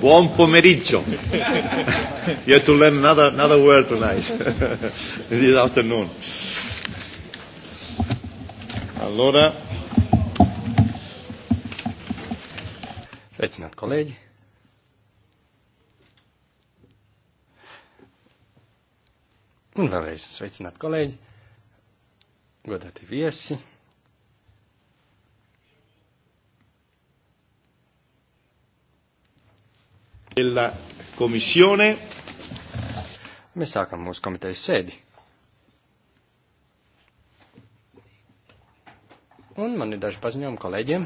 Buon pomeriggio. you have to learn another, another word tonight, this afternoon. Allora. Sveicināt, kolēģi! Un vēlreiz sveicināt, kolēģi, godāti viesi! della Commissione. Mēs sākam mūsu komitejas sēdi. Un man ir daži paziņojumi kolēģiem.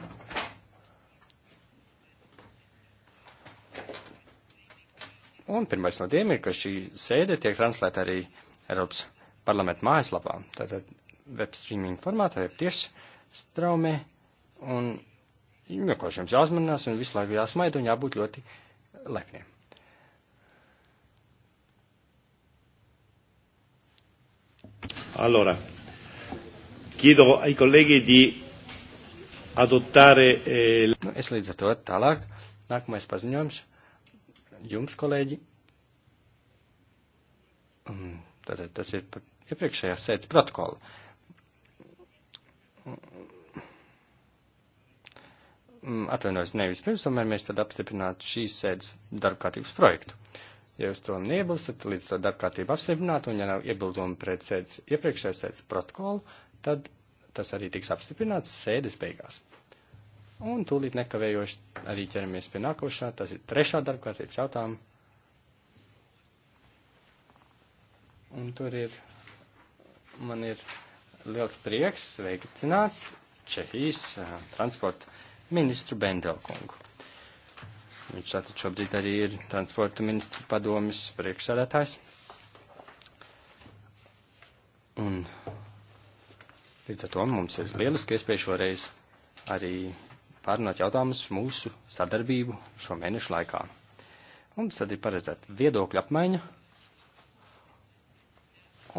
Un pirmais no tiem ir, ka šī sēde tiek translēta arī Eiropas parlamenta mājaslapā. Tātad web streaming formātā, web tieši straumē. Un vienkārši nu, jums jāuzmanās un visu laiku jāsmaida un jābūt ļoti Lechner. Allora, chiedo ai colleghi di adottare. Eh... Nu, es līdz ar to tālāk. Nākamais paziņojums jums, kolēģi. Mm, tātad tas ir par iepriekšējās sēdes protokolu. Mm, atvainojos, nevis pirms, tomēr mēs tad apstiprinātu šīs sēdes darbkārtības projektu. Ja jūs to neiebilstat, līdz to darbkārtību apstiprinātu, un ja nav iebildumu pret sēdes iepriekšējās sēdes protokolu, tad tas arī tiks apstiprināts sēdes beigās. Un tūlīt nekavējoši arī ķeramies pie nākošā, tas ir trešā darbkārtības jautājuma. Un tur ir, man ir liels prieks sveicināt Čehijas eh, transporta ministru Bendelkungu. Viņš tātad šobrīd arī ir transporta ministra padomis priekšsēdētājs. Un līdz ar to mums ir lieliski iespēja šoreiz arī pārunāt jautājumus mūsu sadarbību šo mēnešu laikā. Mums tad ir paredzēta viedokļa apmaiņa.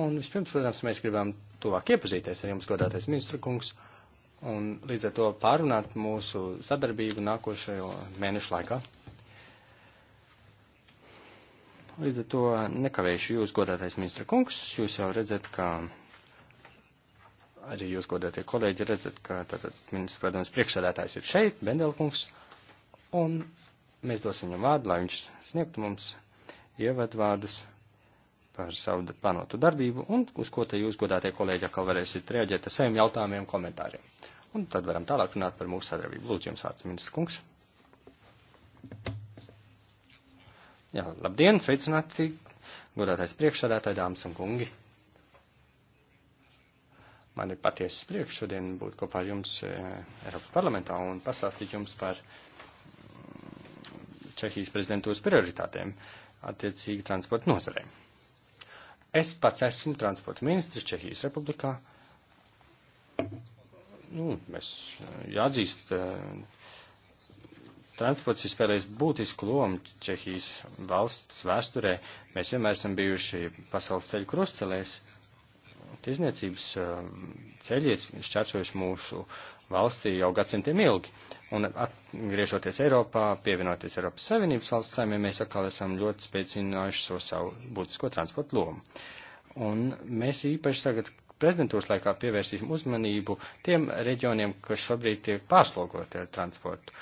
Un vispirms, protams, mēs gribam tuvāk iepazīties ar jums, godātais ministru kungs. Uh, un līdz ar to pārunāt mūsu sadarbību nākošajo mēnešu laikā. Līdz ar to nekavēšu jūs, godātais ministra kungs, jūs jau redzat, ka arī jūs, godātie kolēģi, redzat, ka tātad ministra padomas priekšsēdētājs ir šeit, Bendelkungs, un mēs dosim viņam vārdu, lai viņš sniegtu mums ievadvārdus par savu plānotu darbību, un uz ko te jūs, godātie kolēģi, atkal varēsiet reaģēt ar saviem jautājumiem, komentāriem. Un tad varam tālāk runāt par mūsu sadarbību. Lūdzu, jums vārds, ministrs kungs. Jā, labdien, sveicināti, godātais priekšsādātāji, dāmas un kungi. Man ir patiesas prieks šodien būt kopā ar jums eh, Eiropas parlamentā un pastāstīt jums par mm, Čehijas prezidentūras prioritātēm attiecīgi transporta nozarē. Es pats esmu transporta ministrs Čehijas republikā nu, mēs eh, jāatzīst, eh, transports ir spēlējis būtisku lomu Čehijas valsts vēsturē. Mēs vienmēr esam bijuši pasaules ceļu krustcelēs. Tirzniecības eh, ceļi ir šķērsojuši mūsu valstī jau gadsimtiem ilgi. Un atgriežoties Eiropā, pievienoties Eiropas Savienības valsts saimē, mēs atkal esam ļoti spēcinājuši so savu būtisko transportu lomu. Un mēs īpaši tagad prezidentūras laikā pievērsīsim uzmanību tiem reģioniem, kas šobrīd tiek pārslogoti ar transportu.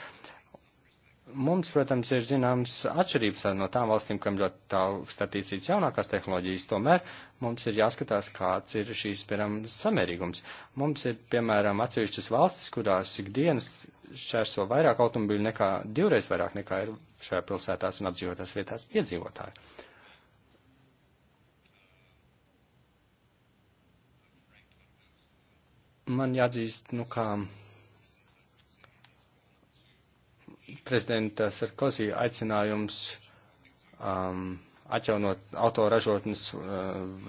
Mums, protams, ir zināms atšķirības no tām valstīm, kam ļoti augsts attīstīts jaunākās tehnoloģijas, tomēr mums ir jāskatās, kāds ir šīs, piemēram, samērīgums. Mums ir, piemēram, atsevišķas valstis, kurās ikdienas šķērso vairāk automobīļu nekā divreiz vairāk nekā ir šajā pilsētās un apdzīvotās vietās iedzīvotāji. man jāatzīst, nu kā prezidenta Sarkozī aicinājums um, atjaunot autoražotnes uh,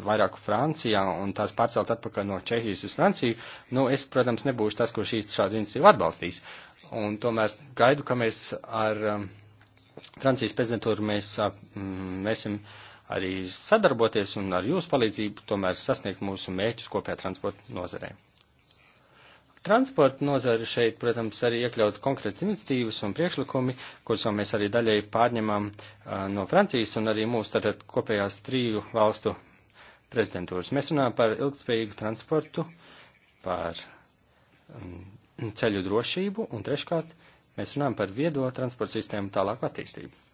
vairāku Francijā un tās pārcelt atpakaļ no Čehijas uz Franciju, nu es, protams, nebūšu tas, ko šīs šādu iniciatīvu atbalstīs. Un tomēr gaidu, ka mēs ar um, Francijas prezidentūru mēs uh, mēsim mm, arī sadarboties un ar jūsu palīdzību tomēr sasniegt mūsu mēķus kopējā transporta nozarē. Transporta nozara šeit, protams, arī iekļaut konkrētas iniciatīvas un priekšlikumi, kurus jau mēs arī daļai pārņemam a, uh, no Francijas un arī mūsu tātad kopējās triju valstu prezidentūras. Mēs runājam par ilgspējīgu transportu, par m, um, ceļu drošību un treškārt mēs runājam par viedo transporta sistēmu tālāku attīstību.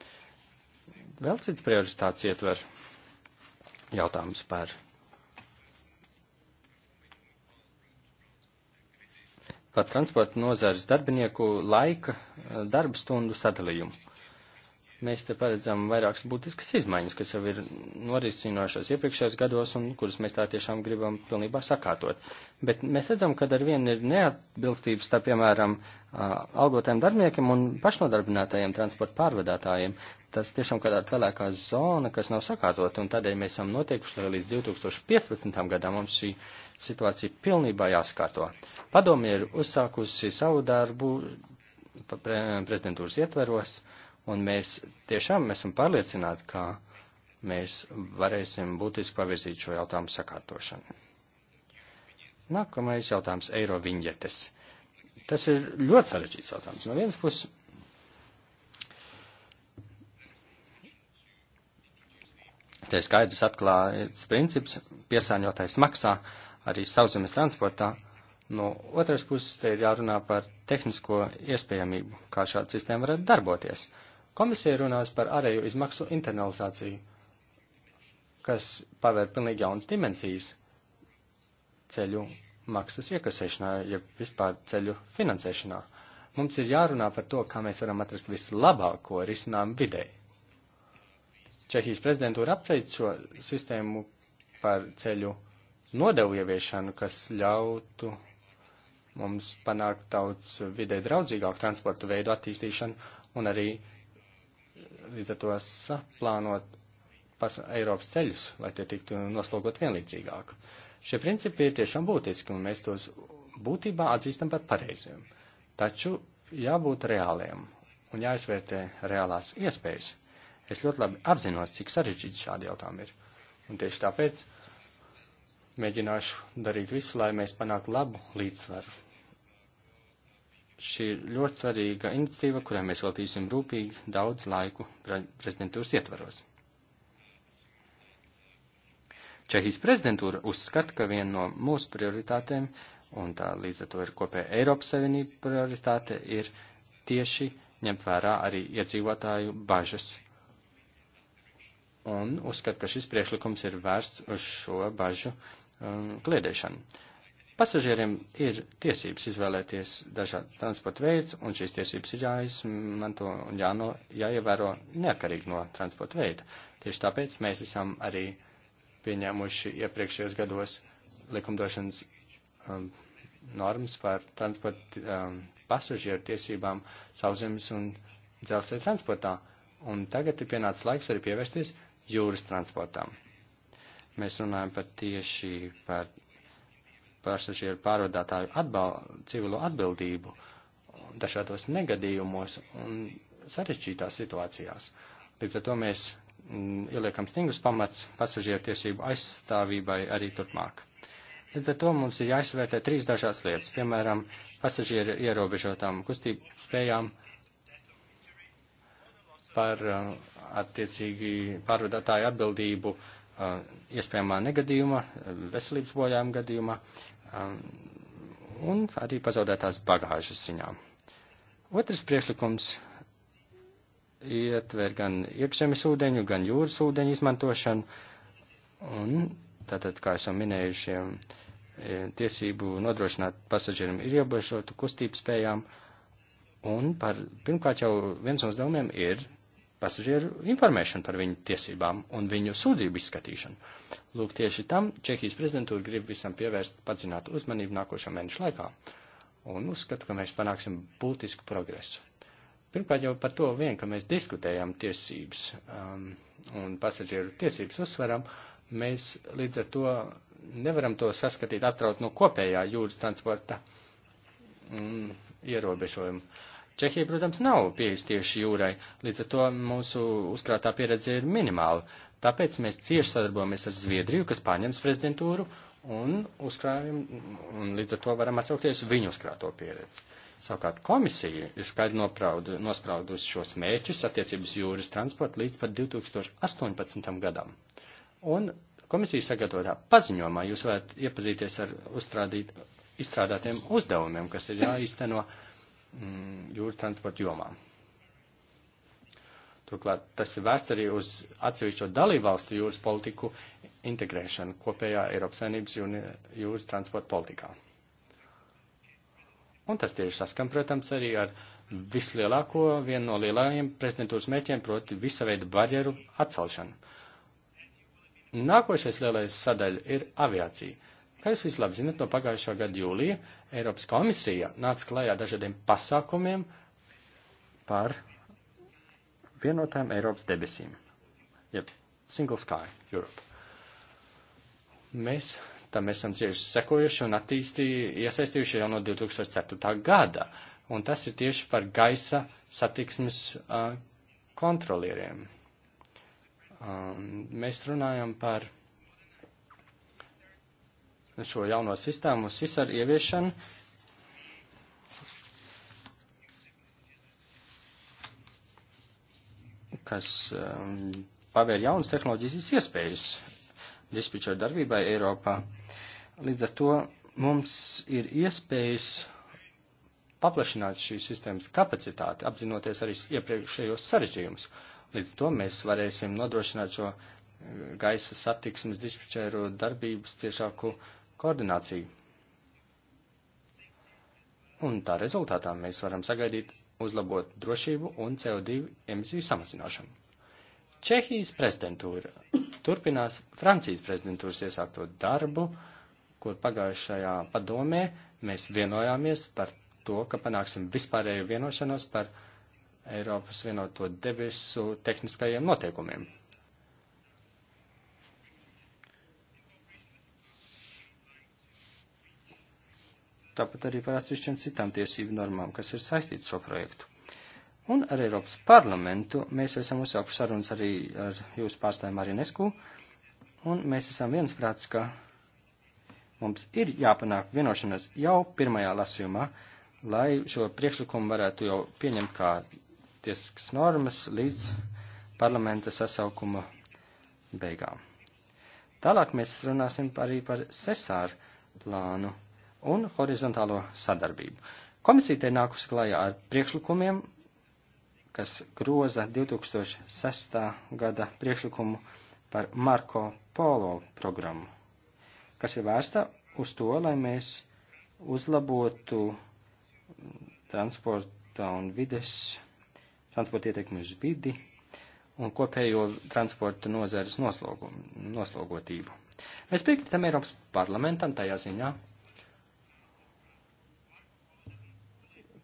Vēl cits prioritāts ietver jautājums par par transporta nozares darbinieku laika eh, darba stundu sadalījumu. Mēs te paredzam vairākas būtiskas izmaiņas, kas jau ir norisinošās iepriekšējos gados un kuras mēs tā tiešām gribam pilnībā sakārtot. Bet mēs redzam, ka ar vienu ir neatbilstības starp, piemēram, algotēm darbiniekiem un pašnodarbinātajiem transporta pārvadātājiem. Tas tiešām kā tāda pelēkā zona, kas nav sakārtot, un tādēļ mēs esam noteikuši, lai līdz 2015. gadam mums šī situācija pilnībā jāskārto. Padomi ir uzsākusi savu darbu prezidentūras ietveros, un mēs tiešām esam pārliecināti, ka mēs varēsim būtiski pavirzīt šo jautājumu sakārtošanu. Nākamais jautājums - eiro viņetes. Tas ir ļoti sarežģīts jautājums. No vienas puses, te skaidrs atklāts princips - piesāņotājs maksā, arī sauszemes transportā. No otras puses, te ir jārunā par tehnisko iespējamību, kā šāda sistēma varētu darboties. Komisija runās par ārēju izmaksu internalizāciju, kas pavēr pilnīgi jaunas dimensijas ceļu maksas iekasēšanā, ja vispār ceļu finansēšanā. Mums ir jārunā par to, kā mēs varam atrast vislabāko risinājumu videi. Čehijas prezidentūra apveic šo sistēmu par ceļu nodevu ieviešanu, kas ļautu mums panākt daudz vidē draudzīgāku transportu veidu attīstīšanu un arī līdz ar to saplānot Eiropas ceļus, lai tie tiktu noslogot vienlīdzīgāk. Šie principi ir tiešām būtiski, un mēs tos būtībā atzīstam par pareiziem. Taču jābūt reāliem un jāizvērtē reālās iespējas. Es ļoti labi apzinos, cik sarežģīti šādi jautājumi ir. Un tieši tāpēc mēģināšu darīt visu, lai mēs panāktu labu līdzsvaru. Šī ir ļoti svarīga iniciatīva, kurai mēs veltīsim rūpīgi daudz laiku prezidentūras ietvaros. Čehijas prezidentūra uzskata, ka viena no mūsu prioritātēm, un tā līdz ar to ir kopēja Eiropas Savienība prioritāte, ir tieši ņemt vērā arī iedzīvotāju bažas. Un uzskata, ka šis priekšlikums ir vērsts uz šo bažu um, kliedēšanu. Pasažieriem ir tiesības izvēlēties dažādas transporta veids, un šīs tiesības ir jāizmanto un jāno, jāievēro neatkarīgi no transporta veida. Tieši tāpēc mēs esam arī pieņēmuši iepriekšējos gados likumdošanas um, normas par transporta um, pasažieru tiesībām sauszemes un dzelzceļa transportā, un tagad ir pienācis laiks arī pievērsties jūras transportām. Mēs runājam par tieši par pasažieru pārvadātāju atbal, civilo atbildību dažādos negadījumos un sarežģītās situācijās. Līdz ar to mēs mm, ieliekam stingrus pamats pasažieru tiesību aizstāvībai arī turpmāk. Līdz ar to mums ir jāizvērtē trīs dažādas lietas, piemēram, pasažieru ierobežotām kustību spējām par uh, attiecīgi pārvadātāju atbildību Uh, iespējamā negadījuma, veselības bojājuma gadījumā um, un arī pazaudētās bagāžas ziņā. Otrs priekšlikums ietver gan iekšzemes ūdeņu, gan jūras ūdeņu izmantošanu, un tātad, kā esam minējuši, um, e, tiesību nodrošināt pasažierim ir ierobežotu kustību spējām, un par, pirmkārt jau viens no uzdevumiem ir pasažieru informēšanu par viņu tiesībām un viņu sūdzību izskatīšanu. Lūk, tieši tam Čehijas prezidentūra grib visam pievērst padzināt uzmanību nākošo mēnešu laikā, un uzskatu, ka mēs panāksim būtisku progresu. Pirmkārt jau par to vien, ka mēs diskutējam tiesības um, un pasažieru tiesības uzsveram, mēs līdz ar to nevaram to saskatīt atraut no kopējā jūras transporta mm, ierobežojuma. Uh, Čehija, protams, nav pieejas tieši jūrai, līdz ar to mūsu uzkrātā pieredze ir minimāla. Tāpēc mēs cieši sadarbojamies ar Zviedriju, kas pārņems prezidentūru, un uzkrājam, un līdz ar to varam atsaukties viņu uzkrāto pieredzi. Savukārt komisija ir skaidri nospraudusi šos mērķus attiecības jūras transporta līdz pat 2018. gadam. Un komisijas sagatavotā paziņojumā jūs varat iepazīties ar uzstrādīt, izstrādātiem uzdevumiem, kas ir jāīsteno. Ja, mm, jūras transporta jomā. Turklāt tas ir vērts arī uz atsevišķo dalībvalstu jūras politiku integrēšanu kopējā Eiropas saimnības jūras transporta politikā. Un tas tieši saskan, protams, arī ar vislielāko, vienu no lielākajiem prezidentūras mērķiem, proti visa veida barjeru atcelšanu. Nākošais lielais sadaļa ir aviācija. Kā jūs vislabāk zinat, no pagājušā gada jūlija Eiropas komisija nāca klajā dažādiem pasākumiem par vienotām Eiropas debesīm, jeb Single Sky Europe. Mēs tam esam cieši sekojuši un attīstī, iesaistījuši jau no 2004. gada, un tas ir tieši par gaisa satiksmes uh, kontrolieriem. Um, mēs runājam par šo jauno sistēmu SISAR ieviešanu. kas um, pavēr jaunas tehnoloģijas iespējas dispečera darbībai Eiropā. Līdz ar to mums ir iespējas paplašināt šīs sistēmas kapacitāti, apzinoties arī iepriekšējos sarežģījumus. Līdz ar to mēs varēsim nodrošināt šo uh, gaisa satiksmes dispečeru darbības tiešāku uh, koordināciju. Un tā rezultātā mēs varam sagaidīt uzlabot drošību un CO2 emisiju samazināšanu. Čehijas prezidentūra turpinās Francijas prezidentūras iesākto darbu, kur pagājušajā padomē mēs vienojāmies par to, ka panāksim vispārēju vienošanos par Eiropas vienoto debesu tehniskajiem noteikumiem. tāpat arī par atsevišķiem citām tiesību normām, kas ir saistīts šo projektu. Un ar Eiropas parlamentu mēs esam uzsākuši sarunas arī ar jūsu pārstāvjiem Marinesku, un mēs esam viensprāts, ka mums ir jāpanāk vienošanās jau pirmajā lasījumā, lai šo priekšlikumu varētu jau pieņemt kā tiesiskas normas līdz parlamenta sasaukuma beigām. Tālāk mēs runāsim arī par sesāru plānu un horizontālo sadarbību. Komisija te nākusi klajā ar priekšlikumiem, kas groza 2006. gada priekšlikumu par Marko Polo programmu, kas ir vērsta uz to, lai mēs uzlabotu transporta un vides, transporta ietekmi uz vidi un kopējo transporta nozares noslogotību. Mēs piekrītam Eiropas parlamentam tajā ziņā,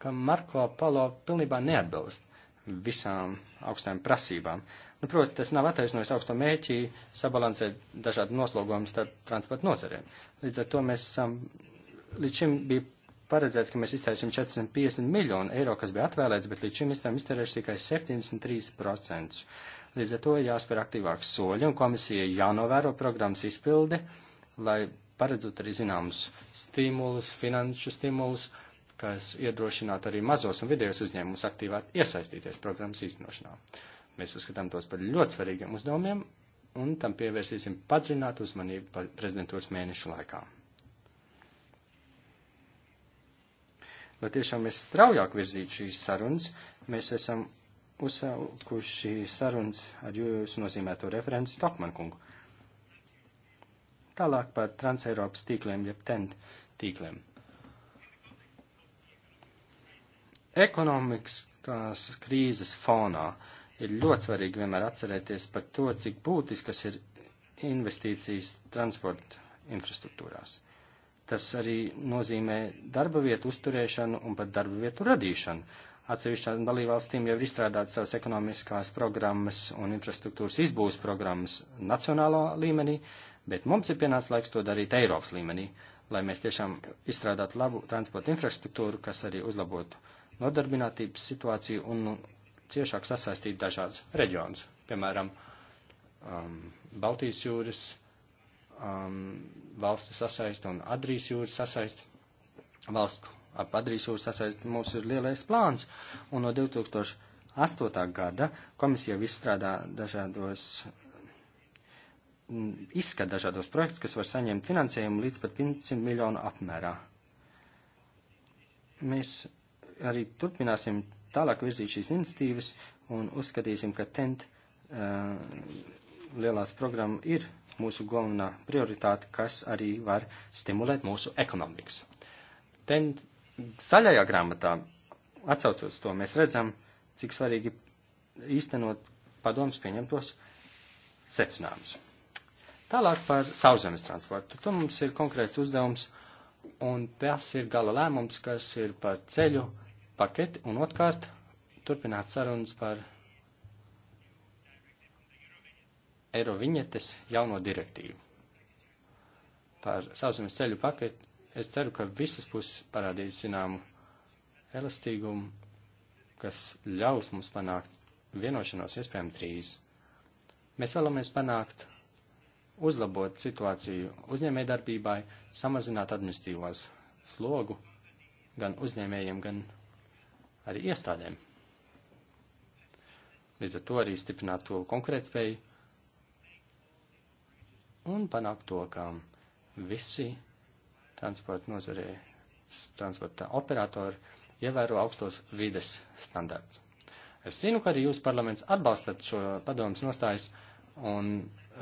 ka Marko Polo pilnībā neatbilst visām augstām prasībām. Nu, proti, tas nav attaisnojis augsto mēķi sabalansēt dažādu noslogojumu starp transporta nozarēm. Līdz ar to mēs esam, līdz šim bija paredzēts, ka mēs iztērēsim 450 miljonu eiro, kas bija atvēlēts, bet līdz šim esam iztērējuši tikai 73%. Līdz ar to jāspēr aktīvāks soļi, un komisija jānovēro programmas izpildi, lai paredzot arī zināmus stimulus, finanšu stimulus, uh, kas iedrošinātu arī mazos un vidējos uzņēmumus aktīvāk iesaistīties programmas īstenošanā. Mēs uzskatām tos par ļoti svarīgiem uzdevumiem un tam pievērsīsim padziļinātu uzmanību prezidentūras mēnešu laikā. Lai tiešām mēs straujāk virzītu šīs sarunas, mēs esam uzsākuši sarunas ar jūs nozīmēto referentu Stokmankungu. Tālāk par transeiropas tīkliem, jeb TENT tīkliem. Ekonomikas krīzes fonā ir ļoti svarīgi vienmēr atcerēties par to, cik būtiskas ir investīcijas transporta infrastruktūrās. Tas arī nozīmē darba vietu uzturēšanu un pat darba vietu radīšanu. Atsevišķām dalībvalstīm jau ir izstrādāts savas ekonomiskās programmas un infrastruktūras izbūves programmas nacionālā līmenī, bet mums ir pienācis laiks to darīt Eiropas līmenī, lai mēs tiešām izstrādātu labu transporta infrastruktūru, kas arī uzlabotu nodarbinātības situāciju un nu, ciešāk sasaistīt dažādas reģionas, piemēram, um, Baltijas jūras um, valstu sasaist un Adrijas jūras sasaist valstu ap Adrijas jūras sasaist. Mums ir lielais plāns, un no 2008. gada komisija izstrādā dažādos mm, izskat dažādos projektus, kas var saņemt finansējumu līdz pat 500 miljonu apmērā. Mēs arī turpināsim tālāk virzīt šīs iniciatīvas un uzskatīsim, ka TENT uh, e lielās programma ir mūsu galvenā prioritāte, kas arī var stimulēt mūsu ekonomikas. TENT e zaļajā grāmatā, atcaucos to, mēs redzam, cik svarīgi īstenot padomus pieņemtos secinājumus. Tālāk par sauszemes transportu. Tur mums ir konkrēts uzdevums, un tas ir gala lēmums, kas ir par ceļu. Mm paketi un otrkārt turpināt sarunas par Eiroviņetes jauno direktīvu. Par sauszemes ceļu paketi es ceru, ka visas puses parādīs zināmu elastīgumu, kas ļaus mums panākt vienošanos iespējami drīz. Mēs vēlamies panākt uzlabot situāciju uzņēmējdarbībai, samazināt administrīvos slogu gan uzņēmējiem, gan arī iestādēm. Līdz ar to arī stiprināt to konkurētspēju un panākt to, ka visi transporta nozarē, transporta operatori ievēro augstos vides standarts. Es zinu, ka arī jūs parlaments atbalstat šo padomus nostājas un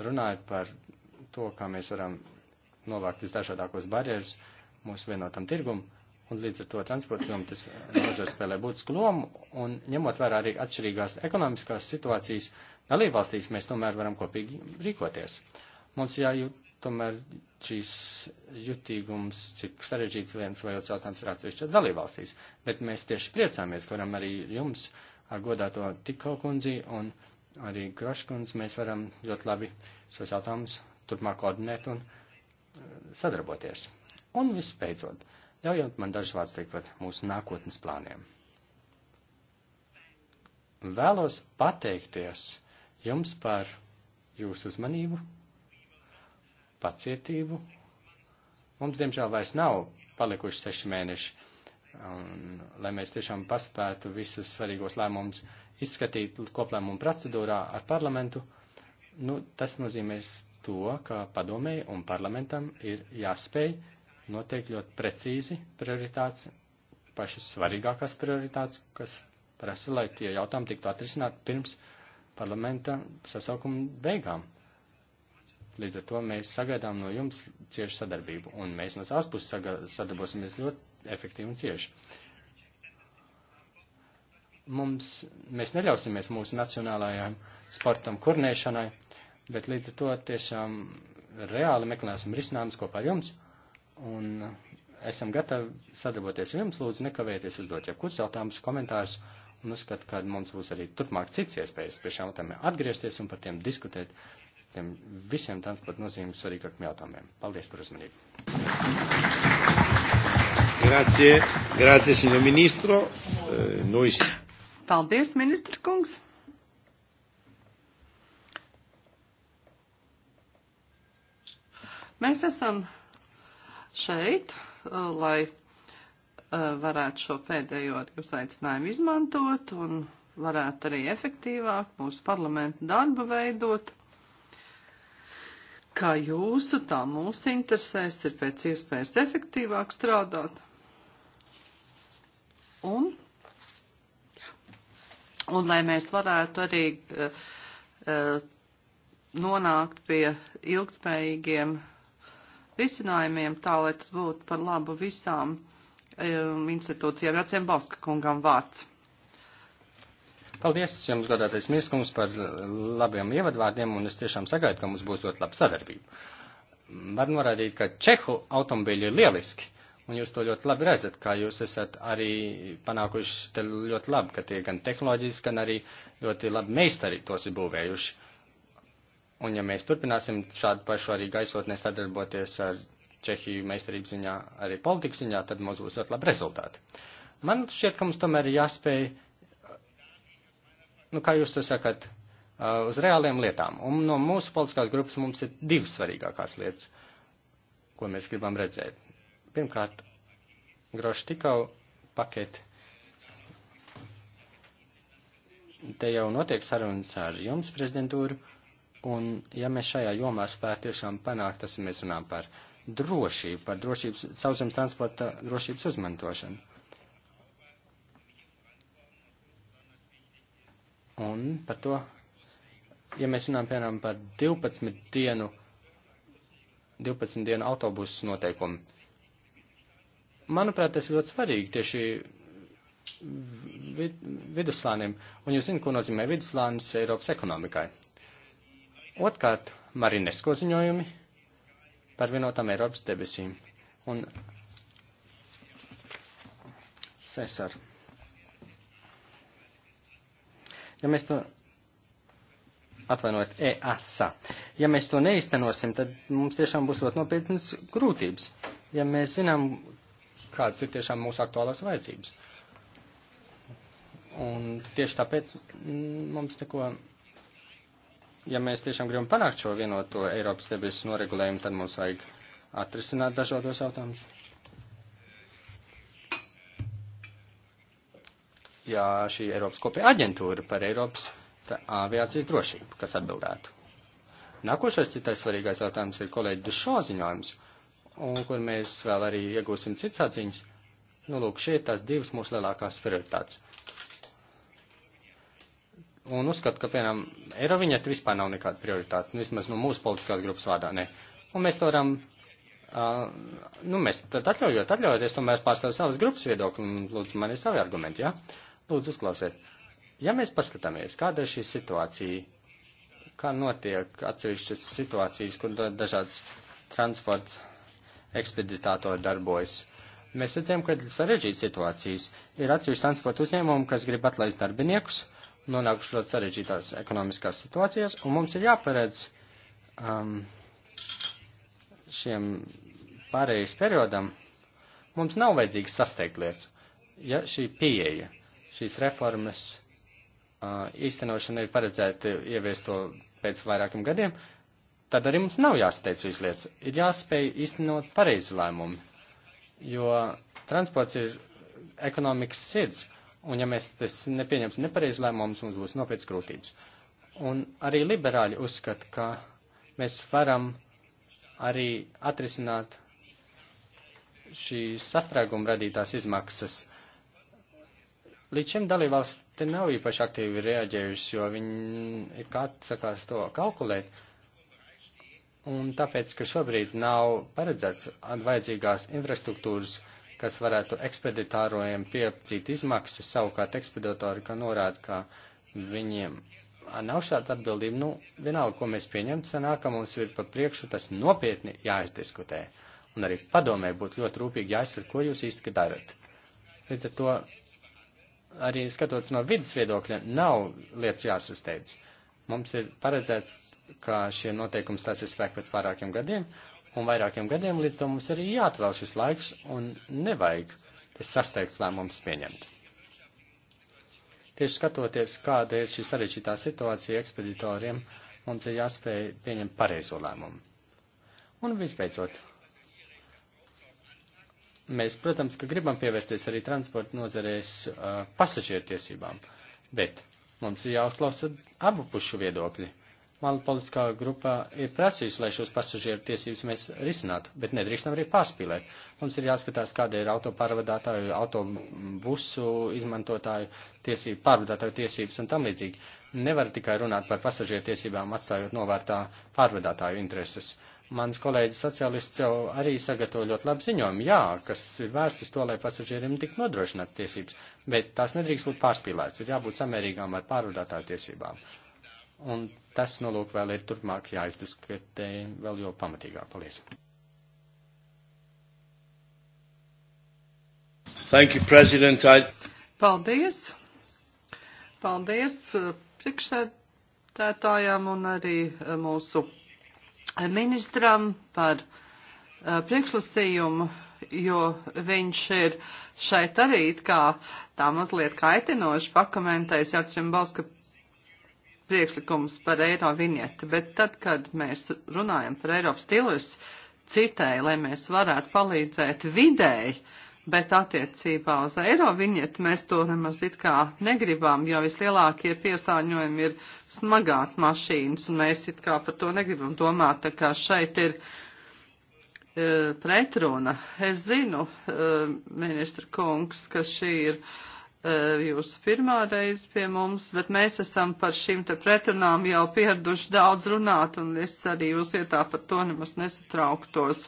runājat par to, kā mēs varam novākt visdažādākos barjeras mūsu vienotam tirgumam, Un līdz ar to transporta joma tas eh, nozars spēlē būtisku lomu, un ņemot vērā arī atšķirīgās ekonomiskās situācijas, dalībvalstīs mēs tomēr varam kopīgi rīkoties. Mums jājūt tomēr šīs jutīgums, cik sarežģīts viens vai otrs jautājums ir atsevišķas dalībvalstīs, bet mēs tieši priecāmies, ka varam arī jums ar godāto tikko kundzi un arī groškundzi mēs varam ļoti labi šos jautājumus turpmāk koordinēt un eh, sadarboties. Un vispēcot. beidzot Ļaujot man dažus vārdus teikt par mūsu nākotnes plāniem. Vēlos pateikties jums par jūsu uzmanību, pacietību. Mums, diemžēl, vairs nav palikuši seši mēneši, un, lai mēs tiešām paspētu visus svarīgos lēmumus izskatīt koplēmumu procedūrā ar parlamentu. Nu, tas nozīmēs to, ka padomēji un parlamentam ir jāspēj noteikt ļoti precīzi prioritātes, pašas svarīgākās prioritātes, kas prasa, lai tie jautājumi tiktu atrisināt pirms parlamenta sasaukuma beigām. Līdz ar to mēs sagaidām no jums ciešu sadarbību, un mēs no savas puses sadarbosimies ļoti efektīvi un cieši. Mums, mēs neļausimies mūsu nacionālajām sportam kurnēšanai, bet līdz ar to tiešām reāli meklēsim risinājumus kopā ar jums un eh, esam gatavi sadarboties ar jums. Lūdzu, nekavēties uzdot jebkurus jautājumus, komentārus, un uzskat, ka mums būs arī turpmāk cits iespējas pie šiem jautājumiem atgriezties un par tiem diskutēt, tiem visiem transporta nozīmes svarīgākiem jautājumiem. Paldies par uzmanību. Grazie, grazie, signor ministro. Eh, noi... Paldies, ministra kungs. Mēs esam šeit, lai varētu šo pēdējo uzaicinājumu izmantot un varētu arī efektīvāk mūsu parlamentu darbu veidot. Kā jūsu, tā mūsu interesēs ir pēc iespējas efektīvāk strādāt. Un, un lai mēs varētu arī uh, uh, nonākt pie ilgspējīgiem uh, risinājumiem, tā lai tas būtu par labu visām um, institūcijām. Jāciem Balska kungam vārds. Paldies jums, godātais miskums, par labiem ievadvārdiem, un es tiešām sagaidu, ka mums būs ļoti laba sadarbība. Var norādīt, ka Čehu automobīļi ir lieliski, un jūs to ļoti labi redzat, kā jūs esat arī panākuši te ļoti labi, ka tie gan tehnoloģiski, gan arī ļoti labi meistari tos ir būvējuši. Un ja mēs turpināsim šādu pašu arī gaisotnē sadarboties ar Čehiju meistarības ziņā, arī politikas ziņā, tad mums būs ļoti labi rezultāti. Man šķiet, ka mums tomēr ir jāspēj, nu, kā jūs to sakat, uh, uz reāliem lietām. Un no mūsu politiskās grupas mums ir divas svarīgākās lietas, ko mēs gribam redzēt. Pirmkārt, groši tikau paketi. Te jau notiek sarunas ar jums, prezidentūru. Uh, Un, ja mēs šajā jomā spētu tiešām panākt, tas mēs runājam par drošību, par drošības, sauszemes transporta drošības uzmantošanu. Un par to, ja mēs runājam, piemēram, par 12 dienu, 12 dienu autobusu noteikumu, manuprāt, tas ir ļoti svarīgi tieši vid, viduslānim. Un jūs zināt, ko nozīmē viduslānis Eiropas ekonomikai. Otkārt, Marinesko ziņojumi par vienotām Eiropas debesīm un Cesar. Ja mēs to atvainojot EASA, ja mēs to neiztenosim, tad mums tiešām būs ļoti nopietnas grūtības, ja mēs zinām, kādas ir tiešām mūsu aktuālās vajadzības. Un tieši tāpēc mm, mums neko. Tā ja mēs tiešām gribam panākt šo vienoto Eiropas debesu noregulējumu, tad mums vajag atrisināt dažādos jautājumus. Jā, šī Eiropas kopija aģentūra par Eiropas tā, aviācijas drošību, kas atbildētu. Nākošais citais svarīgais jautājums ir kolēģi Dušo ziņojums, un kur mēs vēl arī iegūsim cits atziņas. Nu, lūk, šie ir tās divas mūsu lielākās prioritātes un uzskatu, ka, piemēram, Eiroviņeta vispār nav nekāda prioritāte, nu, vismaz no nu, mūsu politiskās grupas vārdā, ne. Un mēs to varam, uh, nu, mēs tad atļaujot, atļaujoties, tomēr pārstāv savas grupas viedokli, un lūdzu, man ir savi argumenti, jā? Ja? Lūdzu, uzklausiet. Ja mēs paskatāmies, kāda ir šī situācija, kā notiek atsevišķas situācijas, kur dažādas transports ekspeditātori darbojas, mēs redzējām, ka ir sarežģītas situācijas. Ir atsevišķi transporta uzņēmumi, kas grib atlaist darbiniekus, uh, nonākuši ļoti sarežģītās ekonomiskās situācijās, un mums ir jāparedz um, šiem pārējais periodam, mums nav vajadzīgs sasteigt lietas. Ja šī pieeja, šīs reformas uh, īstenošana ir paredzēta ieviest to pēc vairākiem gadiem, tad arī mums nav jāsteidz šīs lietas. Ir jāspēj īstenot pareizi lēmumi, jo transports ir ekonomikas sirds, Un ja mēs tas nepieņemsim nepareizi lēmumus, mums būs nopietnas grūtības. Un arī liberāļi uzskata, ka mēs varam arī atrisināt šīs sastrēguma radītās izmaksas. Līdz šim dalībvalsts te nav īpaši aktīvi reaģējuši, jo viņi ir kā atsakās to kalkulēt. Un tāpēc, ka šobrīd nav paredzēts vajadzīgās infrastruktūras uh, kas varētu ekspeditārojiem piepcīt izmaksas, savukārt ekspeditori, ka norāda, ka viņiem nav šāda atbildība, nu, vienalga, ko mēs pieņemt, sanāk, ka mums ir pa priekšu tas nopietni jāizdiskutē. Un arī padomē būtu ļoti rūpīgi jāizsver, ko jūs īsti darat. Līdz ar to arī skatoties no vidas viedokļa, nav lietas jāsasteidz. Mums ir paredzēts, ka šie noteikumi stāsies spēk pēc vairākiem gadiem, un vairākiem gadiem, līdz tam mums arī jāatvēl šis laiks un nevajag tas sasteigts lēmums pieņemt. Tieši skatoties, kāda ir šī sarežģītā situācija ekspeditoriem, mums ir jāspēj pieņemt pareizo lēmumu. Un visbeidzot, mēs, protams, ka gribam pievērsties arī transporta nozarēs uh, pasažieru tiesībām, bet mums ir jāuzklausa abu pušu viedokļi Man politiskā grupā ir prasījusi, lai šos pasažieru tiesības mēs risinātu, bet nedrīkstam arī pārspīlēt. Mums ir jāskatās, kāda ir autopārvadātāju, autobusu izmantotāju tiesību, pārvadātāju tiesības un tam līdzīgi. Nevar tikai runāt par pasažieru tiesībām, atstājot novērtā pārvadātāju intereses mans kolēģis sociālists jau arī sagatavo ļoti labu ziņojumu, jā, kas ir vērsts uz to, lai pasažieriem tik nodrošināts tiesības, bet tās nedrīkst būt pārspīlētas, ir jābūt samērīgām ar pārvadātāju tiesībām. Un tas, nu, lūk, vēl ir turpmāk jāizdiskutē vēl jau pamatīgāk. Paldies! Thank you, President. I... Paldies! Paldies uh, priekšsētētājām un arī uh, mūsu uh, ministram par priekšlasījumu, jo viņš ir šeit arī kā tā mazliet kaitinoši pakomentējis ar šim balstu priekšlikums par eiro vinieti, bet tad, kad mēs runājam par Eiropas stilus citai, lai mēs varētu palīdzēt vidēji, bet attiecībā uz eiro vinieti mēs to nemaz it kā negribam, jo vislielākie piesāņojumi ir smagās mašīnas, un mēs it kā par to negribam domāt, tā kā šeit ir e, pretruna. Es zinu, e, ministra kungs, ka šī ir. E, Eh, jūsu pirmā reize pie mums, bet mēs esam par šīm te pretrunām jau pieraduši daudz runāt, un es arī jūs vietā par to nemaz nesatrauktos.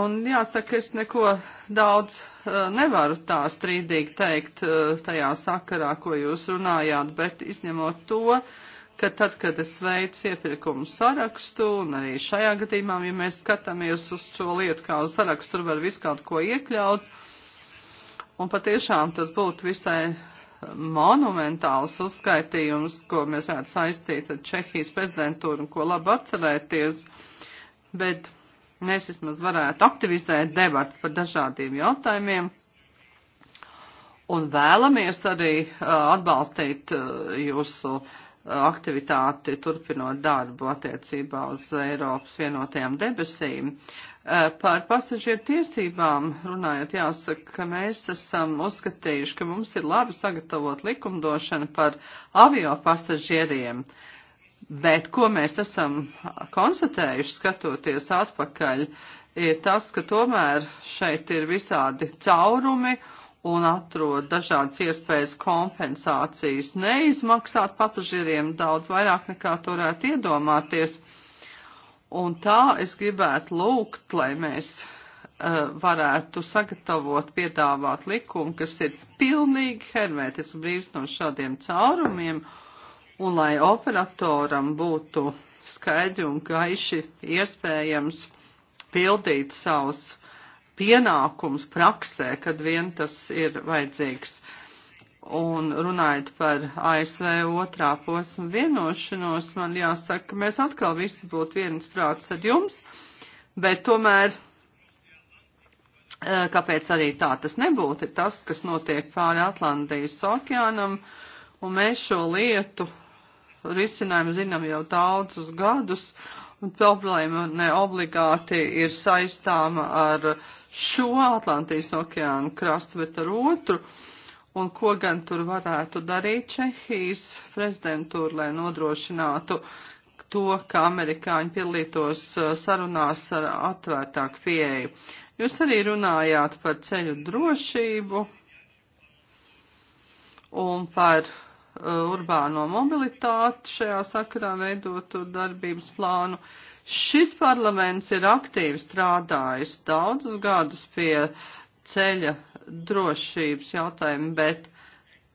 Un jāsaka, es neko daudz eh, nevaru tā strīdīgi teikt eh, tajā sakarā, ko jūs runājāt, bet izņemot to, uh, ka tad, kad es veicu iepirkumu sarakstu, un arī šajā gadījumā, ja mēs skatāmies uz šo lietu kā uz sarakstu, tur var visu kaut ko iekļaut, un patiešām tas būtu visai monumentāls uzskaitījums, ko mēs varētu saistīt ar Čehijas prezidentūru un ko labi atcerēties, bet mēs vismaz varētu aktivizēt debats par dažādiem jautājumiem. Un vēlamies arī uh, atbalstīt uh, jūsu uh, aktivitāti turpinot darbu attiecībā uz Eiropas vienotajām debesīm. Eh, par pasažieru tiesībām runājot, jāsaka, ka mēs esam uzskatījuši, ka mums ir labi sagatavot likumdošanu par avio pasažieriem. Bet ko mēs esam konstatējuši, skatoties atpakaļ, ir tas, ka tomēr šeit ir visādi caurumi, uh, un atrod dažādas iespējas kompensācijas neizmaksāt pasažieriem daudz vairāk nekā to varētu iedomāties. Un tā es gribētu lūgt, lai mēs uh, varētu sagatavot, piedāvāt likumu, kas ir pilnīgi hermētiski brīvs no šādiem caurumiem, un lai operatoram būtu skaidri un gaiši iespējams pildīt savus pienākums praksē, kad vien tas ir vajadzīgs. Un runājot par ASV otrā posma vienošanos, man jāsaka, ka mēs atkal visi būtu vienas prāts ar jums, bet tomēr, eh, kāpēc arī tā tas nebūtu, ir tas, kas notiek pāri Atlantijas okeānam, un mēs šo lietu risinājumu zinām jau daudzus gadus, uh, un problēma ne obligāti ir saistāma ar šo Atlantijas okeānu krastu, bet ar otru. Un ko gan tur varētu darīt Čehijas prezidentūra, lai nodrošinātu to, ka amerikāņi piedalītos uh, sarunās ar atvērtāku pieeju. Jūs arī runājāt par ceļu drošību un par Uh, urbāno mobilitāti šajā sakarā veidotu darbības plānu. Šis parlaments ir aktīvi strādājis daudzus gadus pie ceļa drošības jautājumu, bet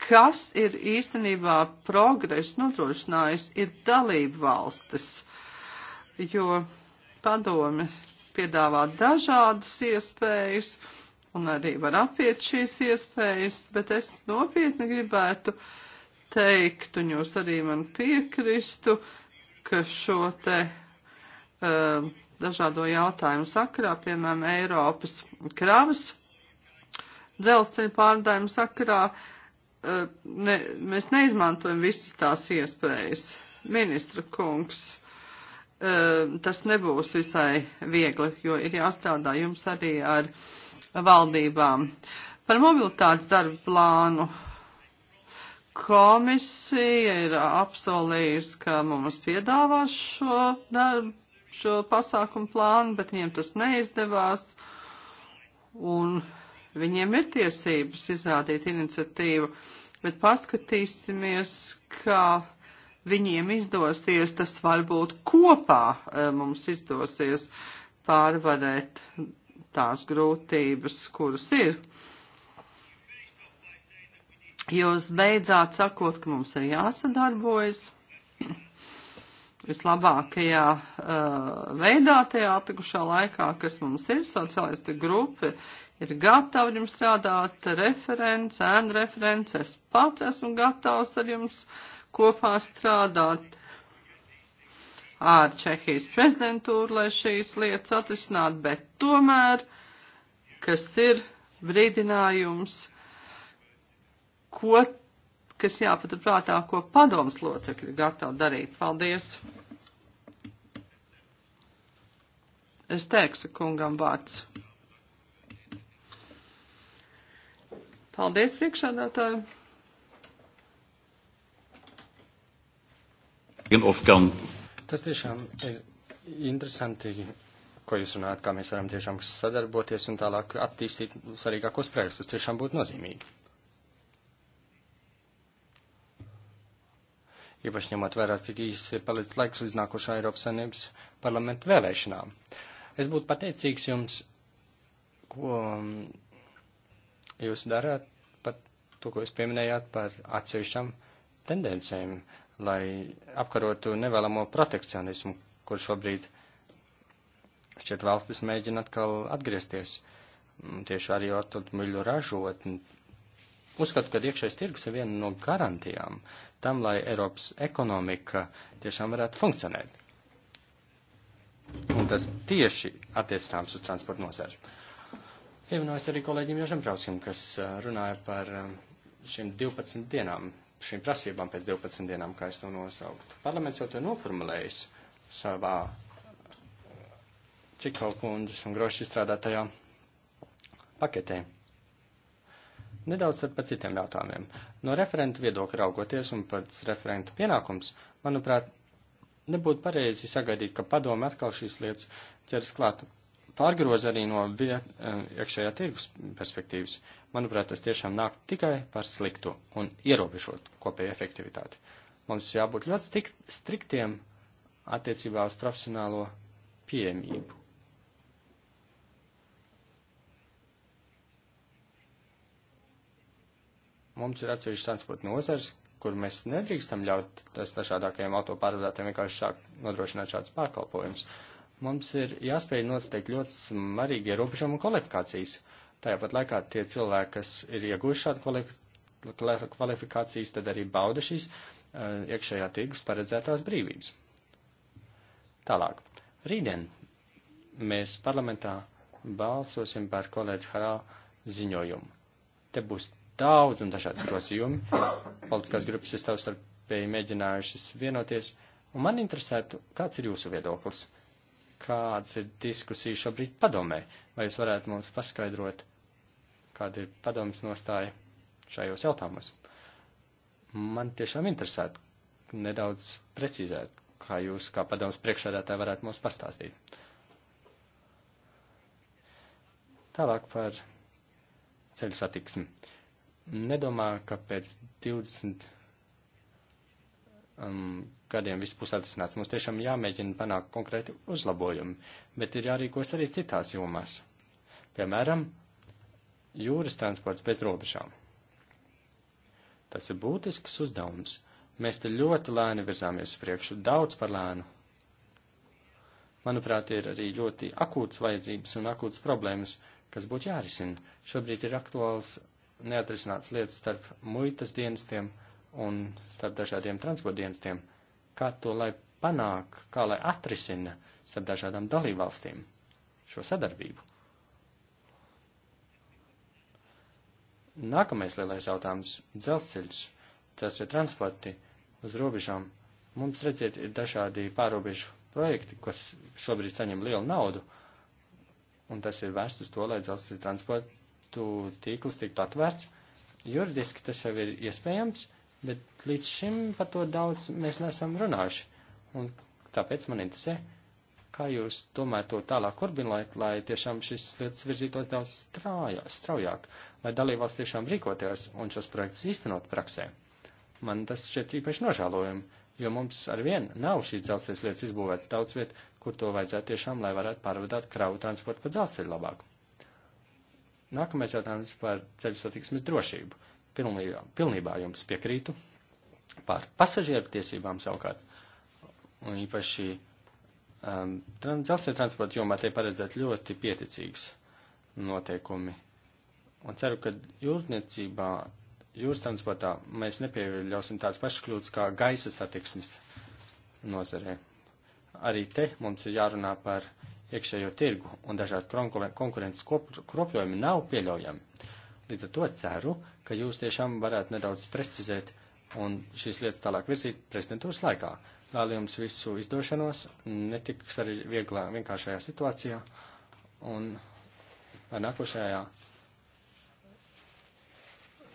kas ir īstenībā progress nodrošinājis, ir dalību valstis, jo padome piedāvā dažādas iespējas un arī var apiet šīs iespējas, bet es nopietni gribētu uh, teikt, un jūs arī man piekristu, ka šo te uh, dažādo jautājumu sakarā, piemēram, Eiropas kravas dzelzceļa pārdājumu sakarā, uh, ne, mēs neizmantojam visas tās iespējas. Ministra kungs, uh, tas nebūs visai viegli, jo ir jāstrādā jums arī ar valdībām. Par mobilitātes darbu plānu Komisija ir apsolījusi, ka mums piedāvās šo darbu, šo pasākumu plānu, bet viņiem tas neizdevās. Un viņiem ir tiesības izrādīt iniciatīvu, bet paskatīsimies, kā viņiem izdosies, tas varbūt kopā eh, mums izdosies pārvarēt tās grūtības, kuras ir. Jūs beidzāt sakot, ka mums ir jāsadarbojas vislabākajā uh, veidā tajā atlikušā laikā, kas mums ir. Sociālisti grupi ir gatavi jums strādāt, referents, ēnu referents, es pats esmu gatavs ar jums kopā strādāt ar Čehijas prezidentūru, lai šīs lietas atrisināt, bet tomēr, kas ir brīdinājums, uh, ko, kas jāpaturprātā, ko padomas locekļi gatavi darīt. Paldies! Es teikšu kungam vārds. Paldies priekšādātāju! Tas tiešām ir interesanti, ko jūs runājat, kā mēs varam tiešām sadarboties un tālāk attīstīt svarīgākos projektus. Tas tiešām būtu nozīmīgi. īpaši ņemot vērā, cik īsi ir palicis laiks līdz nākošā Eiropas Savienības parlamenta vēlēšanām. Es būtu pateicīgs jums, ko um, jūs darāt par to, ko jūs pieminējāt par atsevišķām tendencēm, lai apkarotu nevēlamo protekcionismu, kur šobrīd šķiet valstis mēģina atkal atgriezties mm, tieši arī automobiļu ražotni Uzskatu, ka iekšējais tirgus ir viena no garantijām tam, lai Eiropas ekonomika tiešām varētu funkcionēt. Un tas tieši attiecināms uz transporta nozari. Pievienojas arī kolēģim Jožam Brausim, kas runāja par šiem 12 dienām, šīm prasībām pēc 12 dienām, kā es to nosauktu. Parlaments jau to noformulējis savā Čikau kundzes un groši izstrādātajā paketē. Nedaudz par citiem jautājumiem. No referentu viedokļa raugoties un pēc referentu pienākums, manuprāt, nebūtu pareizi sagaidīt, ka padome atkal šīs lietas ķers klāt. Pārgroz arī no viet, eh, iekšējā tirgus perspektīvas. Manuprāt, tas tiešām nāk tikai par sliktu un ierobežot kopēju efektivitāti. Mums jābūt ļoti striktiem attiecībā uz profesionālo pieejamību. Mums ir atsevišķi transporta nozars, kur mēs nedrīkstam ļaut tas dažādākajiem autopārvadātājiem vienkārši sākt nodrošināt šādus pārkalpojumus. Mums ir jāspēj noteikt ļoti smarīgi ierobežojumu kvalifikācijas. Tāpat laikā tie cilvēki, kas ir ieguvuši šādu kvalifikācijas, tad arī bauda šīs uh, iekšējā tirgus paredzētās brīvības. Tālāk. Rītdien mēs parlamentā balsosim par kolēģi Harā ziņojumu. Te būs daudz un dažādi grozījumi. Politiskās grupas ir savstarpēji mēģinājušas vienoties. Un man interesētu, kāds ir jūsu viedoklis? Kāds ir diskusija šobrīd padomē? Vai jūs varētu mums paskaidrot, kāda ir padomas nostāja šajos jautājumos? Man tiešām interesētu nedaudz precīzēt, kā jūs kā padomas priekšsēdētāji varētu mums pastāstīt. Tālāk par ceļu satiksmi nedomāju, ka pēc 20 um, gadiem viss būs atrisināts. Mums tiešām jāmēģina panākt konkrēti uzlabojumi, bet ir jārīkos arī citās jomās. Piemēram, jūras transports bez robežām. Tas ir būtisks uzdevums. Mēs te ļoti lēni virzāmies priekšu, daudz par lēnu. Manuprāt, ir arī ļoti akūts vajadzības un akūts problēmas, kas būtu jārisina. Šobrīd ir aktuāls neatrisināts lietas starp muitas dienestiem un starp dažādiem transporta dienestiem. Kā to lai panāk, kā lai atrisina starp dažādām dalībvalstīm šo sadarbību? Nākamais lielais jautājums - dzelzceļš, dzelzceļa transporti uz robežām. Mums, redziet, ir dažādi pārobežu projekti, kas šobrīd saņem lielu naudu, un tas ir vērsts uz to, lai dzelzceļa transporta valstu tīkls tiktu atvērts. Juridiski tas jau ir iespējams, bet līdz šim par to daudz mēs nesam runājuši. Un tāpēc man interesē, kā jūs tomēr to tālāk korbināt, lai tiešām šis lietas virzītos daudz strājā, straujāk, lai dalībās tiešām rīkoties un šos projektus īstenot praksē. Man tas šķiet īpaši nožēlojami, jo mums ar vienu nav šīs dzelzceļa lietas izbūvēts daudz viet, kur to vajadzētu tiešām, lai varētu pārvadāt kravu transportu pa dzelzceļu labāk. Nākamais jautājums par ceļu satiksmes drošību. Pilnībā, pilnībā jums piekrītu par pasažieru tiesībām savukārt. Un īpaši um, dzelzceļa transporta jomā te paredzēt ļoti pieticīgs noteikumi. Un ceru, ka jūrniecībā, jūras transportā mēs nepieļausim tādas pašas kļūdas kā gaisa satiksmes nozarē. Arī te mums ir jārunā par iekšējo tirgu un dažādi konkurences kropļojumi nav pieļaujami. Līdz ar to ceru, ka jūs tiešām varētu nedaudz precizēt un šīs lietas tālāk virzīt prezidentūras laikā. Vēlu jums visu izdošanos, netiks arī vieglā, vienkāršajā situācijā un ar nākošajā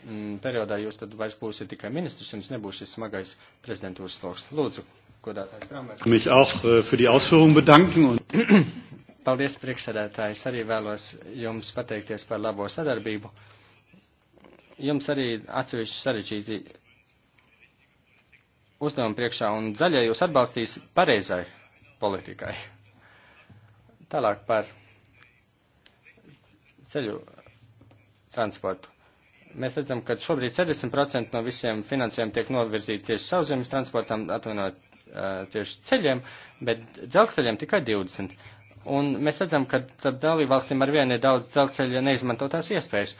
mm, periodā jūs tad vairs būsiet tikai ministrs, jums nebūs šis smagais prezidentūras sloks. Lūdzu, godātais grāmatas. Mich auch äh, für die Ausführung bedanken. Und Paldies, priekšsēdētāji. Es arī vēlos jums pateikties par labo sadarbību. Jums arī atsevišķi sarežģīti uzdevumi priekšā, un zaļie jūs atbalstīs pareizai politikai. Tālāk par ceļu transportu. Mēs redzam, ka šobrīd 60% no visiem finansējumiem tiek novirzīti tieši sauszemes transportam, atvainojot tieši ceļiem, bet dzelzceļiem tikai 20%. Un mēs redzam, ka dalībvalstīm ar vienu ir daudz dzelzceļa neizmantotās iespējas.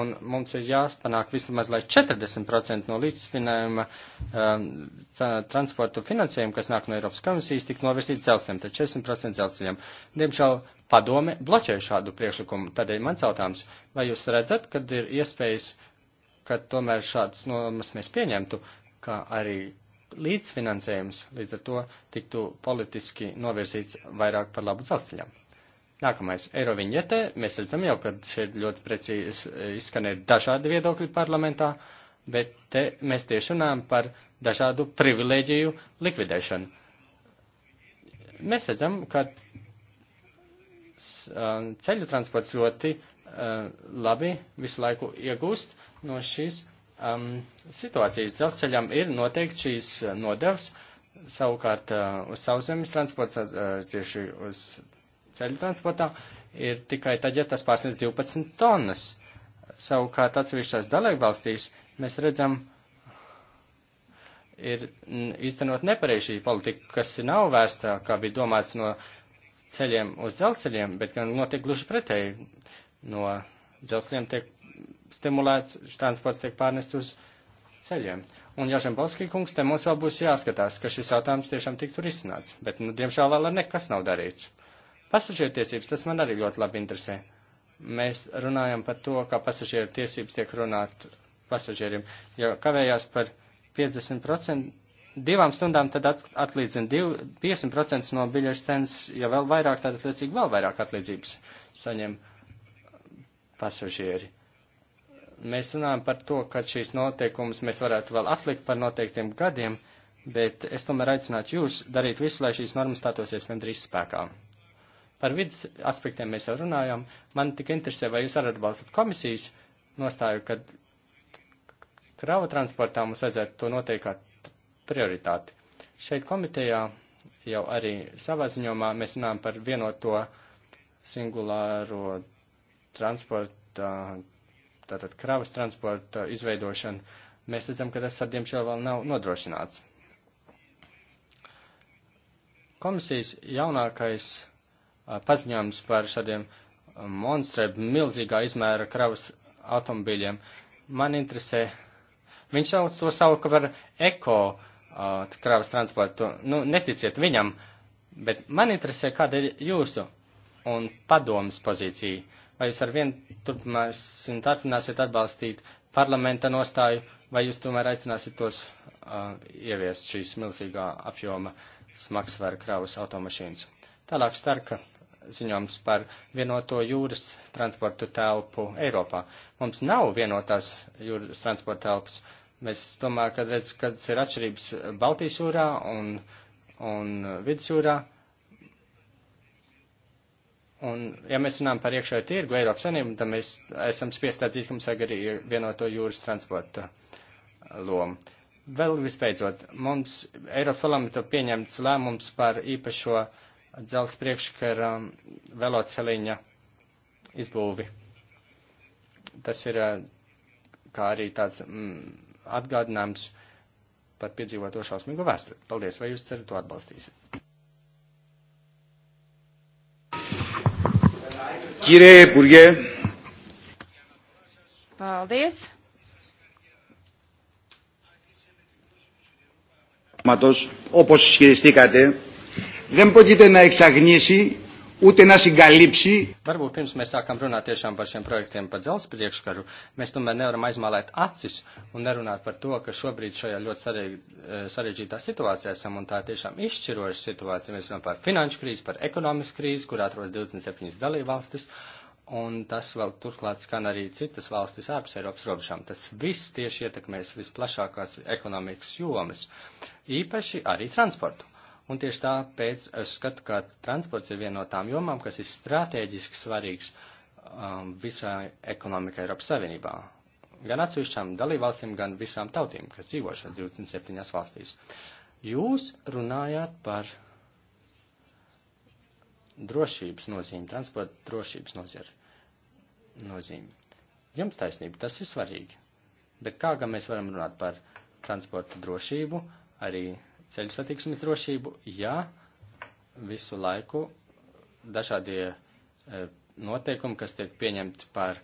Un mums ir jāpanāk vismaz, lai 40% no līdzfinējuma um, transportu finansējumu, kas nāk no Eiropas komisijas, tik novirsīt dzelzceļiem, tad 40% dzelzceļiem. Diemžēl padome bloķē šādu priekšlikumu. Tādēļ mans jautājums, vai jūs redzat, kad ir iespējas, ka tomēr šāds nomas mēs pieņemtu, ka arī līdzfinansējums līdz ar to tiktu politiski novirzīts vairāk par labu dzelzceļam. Nākamais - Eiroviņetē. Mēs redzam jau, ka šeit ļoti precīzi izskanē dažādi viedokļi parlamentā, bet te mēs tieši runājam par dažādu privilēģiju likvidēšanu. Mēs redzam, ka uh, ceļu transports ļoti uh, labi visu laiku iegūst no šīs um, situācijas dzelzceļam ir noteikti šīs uh, nodevs, savukārt uh, uz sauszemes transporta, uh, tieši uz ceļu transportā, ir tikai tad, ja tas pārsniedz 12 tonnas. Savukārt atsevišķās dalībvalstīs mēs redzam, ir īstenot nepareizi šī politika, kas nav vērsta, kā bija domāts, no ceļiem uz dzelzceļiem, bet gan notiek gluži pretēji. No dzelzceļiem tiek stimulēts, transports tiek pārnest uz ceļiem. Un Jažembovskij kungs, te mums vēl būs jāskatās, ka šis jautājums tiešām tiktu risināts, bet, nu, diemžēl vēl ar nekas nav darīts. Pasažieru tiesības, tas man arī ļoti labi interesē. Mēs runājam par to, kā pasažieru tiesības tiek runāt pasažieriem. Ja kavējās par 50%, divām stundām tad at, atlīdzina 50% no biļešu cenas, ja vēl vairāk, tad atliecīgi vēl vairāk atlīdzības saņem pasažieri. Mēs runājam par to, ka šīs noteikumus mēs varētu vēl atlikt par noteiktiem gadiem, bet es tomēr aicinātu jūs darīt visu, lai šīs normas stātos iespējami drīz spēkā. Par vidas aspektiem mēs jau runājam. Man tik interesē, vai jūs arī atbalstat komisijas nostāju, kad kravu transportā mums vajadzētu to noteikt kā prioritāti. Šeit komitejā jau arī savā ziņomā mēs runājam par vienoto singulāro transporta tātad kravas transporta izveidošanu, mēs redzam, ka tas ar diemžēl vēl nav nodrošināts. Komisijas jaunākais paziņojums par šādiem monstrēm milzīgā izmēra kravas automobīļiem man interesē. Viņš sauc to sauka par eko uh, kravas transportu. Nu, neticiet viņam, bet man interesē, kāda ir jūsu un padomas pozīcija vai jūs ar vienu turpināsim, turpināsiet atbalstīt parlamenta nostāju, vai jūs tomēr aicināsiet tos uh, ieviest šīs milzīgā apjoma smagsvēra kravas automašīnas. Tālāk starka ziņojums par vienoto jūras transportu telpu Eiropā. Mums nav vienotās jūras transporta telpas. Mēs domājam, ka redz, kad ir atšķirības Baltijas jūrā un, un Vidusjūrā, Un, ja mēs runājam par iekšējo tirgu Eiropas Savienību, tad mēs esam spiest atzīt, ka mums vajag arī vienoto jūras transporta uh, lomu. Vēl vispēcot, mums Eiropas parlamenta pieņemts lēmums par īpašo dzels priekškara um, veloceliņa izbūvi. Tas ir uh, kā arī tāds mm, atgādinājums par piedzīvoto šausmīgo vēsturi. Paldies, vai jūs cerat to atbalstīsiet? Κύριε Υπουργέ. Paldies. Όπως ισχυριστήκατε, δεν πρόκειται να εξαγνίσει ούτε να συγκαλύψει. Varbūt pirms mēs sākam runāt tiešām par šiem projektiem par dzelzs priekškaru, mēs tomēr nevaram aizmalēt acis un nerunāt par to, ka šobrīd šajā ļoti e, sarežģītā situācijā esam un tā tiešām izšķiroša situācija. Mēs runājam par finanšu krīzi, par ekonomisku krīzi, kur atrodas 27 dalībvalstis. Un tas vēl turklāt skan arī citas valstis ārpus Eiropas robežām. Tas viss tieši ietekmēs visplašākās ekonomikas jomas, īpaši arī transportu. Un tieši tāpēc es skatu, ka transports ir viena no tām jomām, kas ir strateģiski svarīgs um, visai ekonomikai Eiropas Savienībā. Gan atsevišķām dalībvalstīm, gan visām tautīm, kas dzīvo šajās 27 valstīs. Jūs runājāt par drošības nozīmi, transporta drošības nozari, nozīmi. Jums taisnība, tas ir svarīgi. Bet kā gan mēs varam runāt par transporta drošību, arī ceļu satiksmes drošību, ja visu laiku dažādie e, noteikumi, kas tiek pieņemti par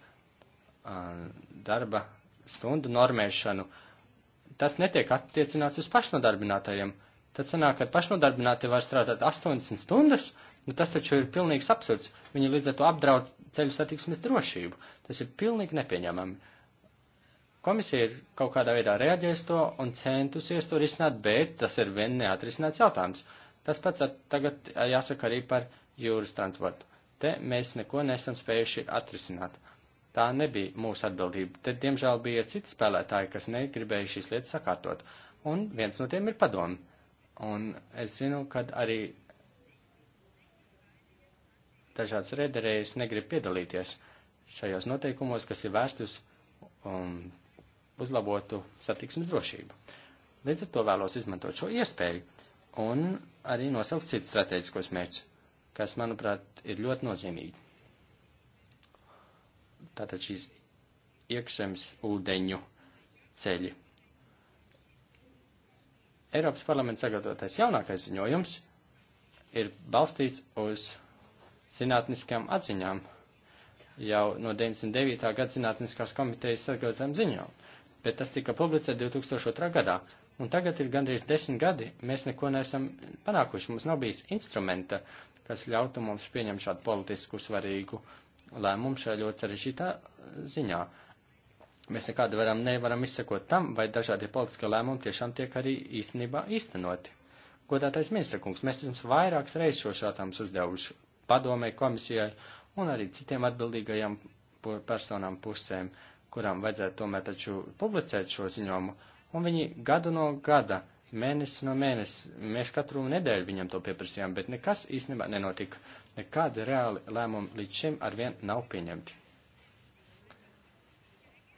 darba stundu normēšanu, tas netiek attiecināts uz pašnodarbinātajiem. Tad sanāk, ka pašnodarbināti var strādāt 80 stundas, nu tas taču ir pilnīgs absurds. Viņi līdz ar to apdraud ceļu satiksmes drošību. Tas ir pilnīgi nepieņemami. Komisija ir kaut kādā veidā reaģējusi to un centusies to risināt, bet tas ir vien neatrisināts jautājums. Tas pats at, tagad jāsaka arī par jūras transportu. Te mēs neko nesam spējuši atrisināt. Tā nebija mūsu atbildība. Te, diemžēl, bija citi spēlētāji, kas negribēja šīs lietas sakārtot. Un viens no tiem ir padomi. Un es zinu, ka arī dažāds rederējs negrib piedalīties šajos noteikumos, kas ir vērsti uz um, uzlabotu satiksmes drošību. Līdz ar to vēlos izmantot šo iespēju un arī nosaukt citus strateģiskos mērķus, kas, manuprāt, ir ļoti nozīmīgi. Tātad šīs iekšzemes ūdeņu ceļi. Eiropas parlaments sagatavotais jaunākais ziņojums ir balstīts uz zinātniskām atziņām jau no 99. gada zinātniskās komitejas sagatavotām ziņām bet tas tika publicēts 2002. gadā, un tagad ir gandrīz desmit gadi, mēs neko neesam panākuši, mums nav bijis instrumenta, kas ļautu mums pieņemt šādu politisku svarīgu lēmumu šajā ļoti sarežģītā ziņā. Mēs nekādu varam, nevaram izsekot tam, vai dažādie politiskie lēmumi tiešām tiek arī īstenībā īstenoti. Godātais ministra kungs, mēs jums vairākas reizes šo šātāms uzdevuši padomē komisijai un arī citiem atbildīgajām personām pusēm. Uh, kurām vajadzētu tomēr taču publicēt šo ziņojumu, un viņi gadu no gada, mēnesi no mēnesi, mēs katru nedēļu viņam to pieprasījām, bet nekas īstenībā nenotika. Nekādi reāli lēmumi līdz šim arvien nav pieņemti.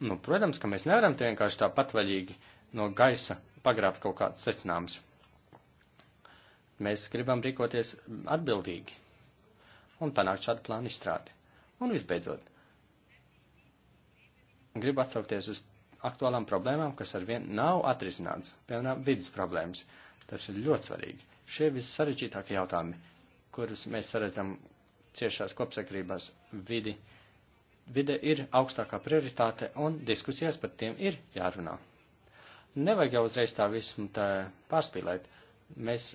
Nu, protams, ka mēs nevaram te vienkārši tā patvaļīgi no gaisa pagrābt kaut kāds secinājums. Mēs gribam rīkoties atbildīgi un panākt šādu plānu izstrādi. Un visbeidzot, gribu atsaukties uz aktuālām problēmām, kas ar vien nav atrisināts, piemēram, vidas problēmas. Tas ir ļoti svarīgi. Šie vissarežģītākie jautājumi, kurus mēs saredzam ciešās kopsakrībās vidi, vide ir augstākā prioritāte un diskusijas par tiem ir jārunā. Nevajag jau uzreiz tā visu tā pārspīlēt. Mēs,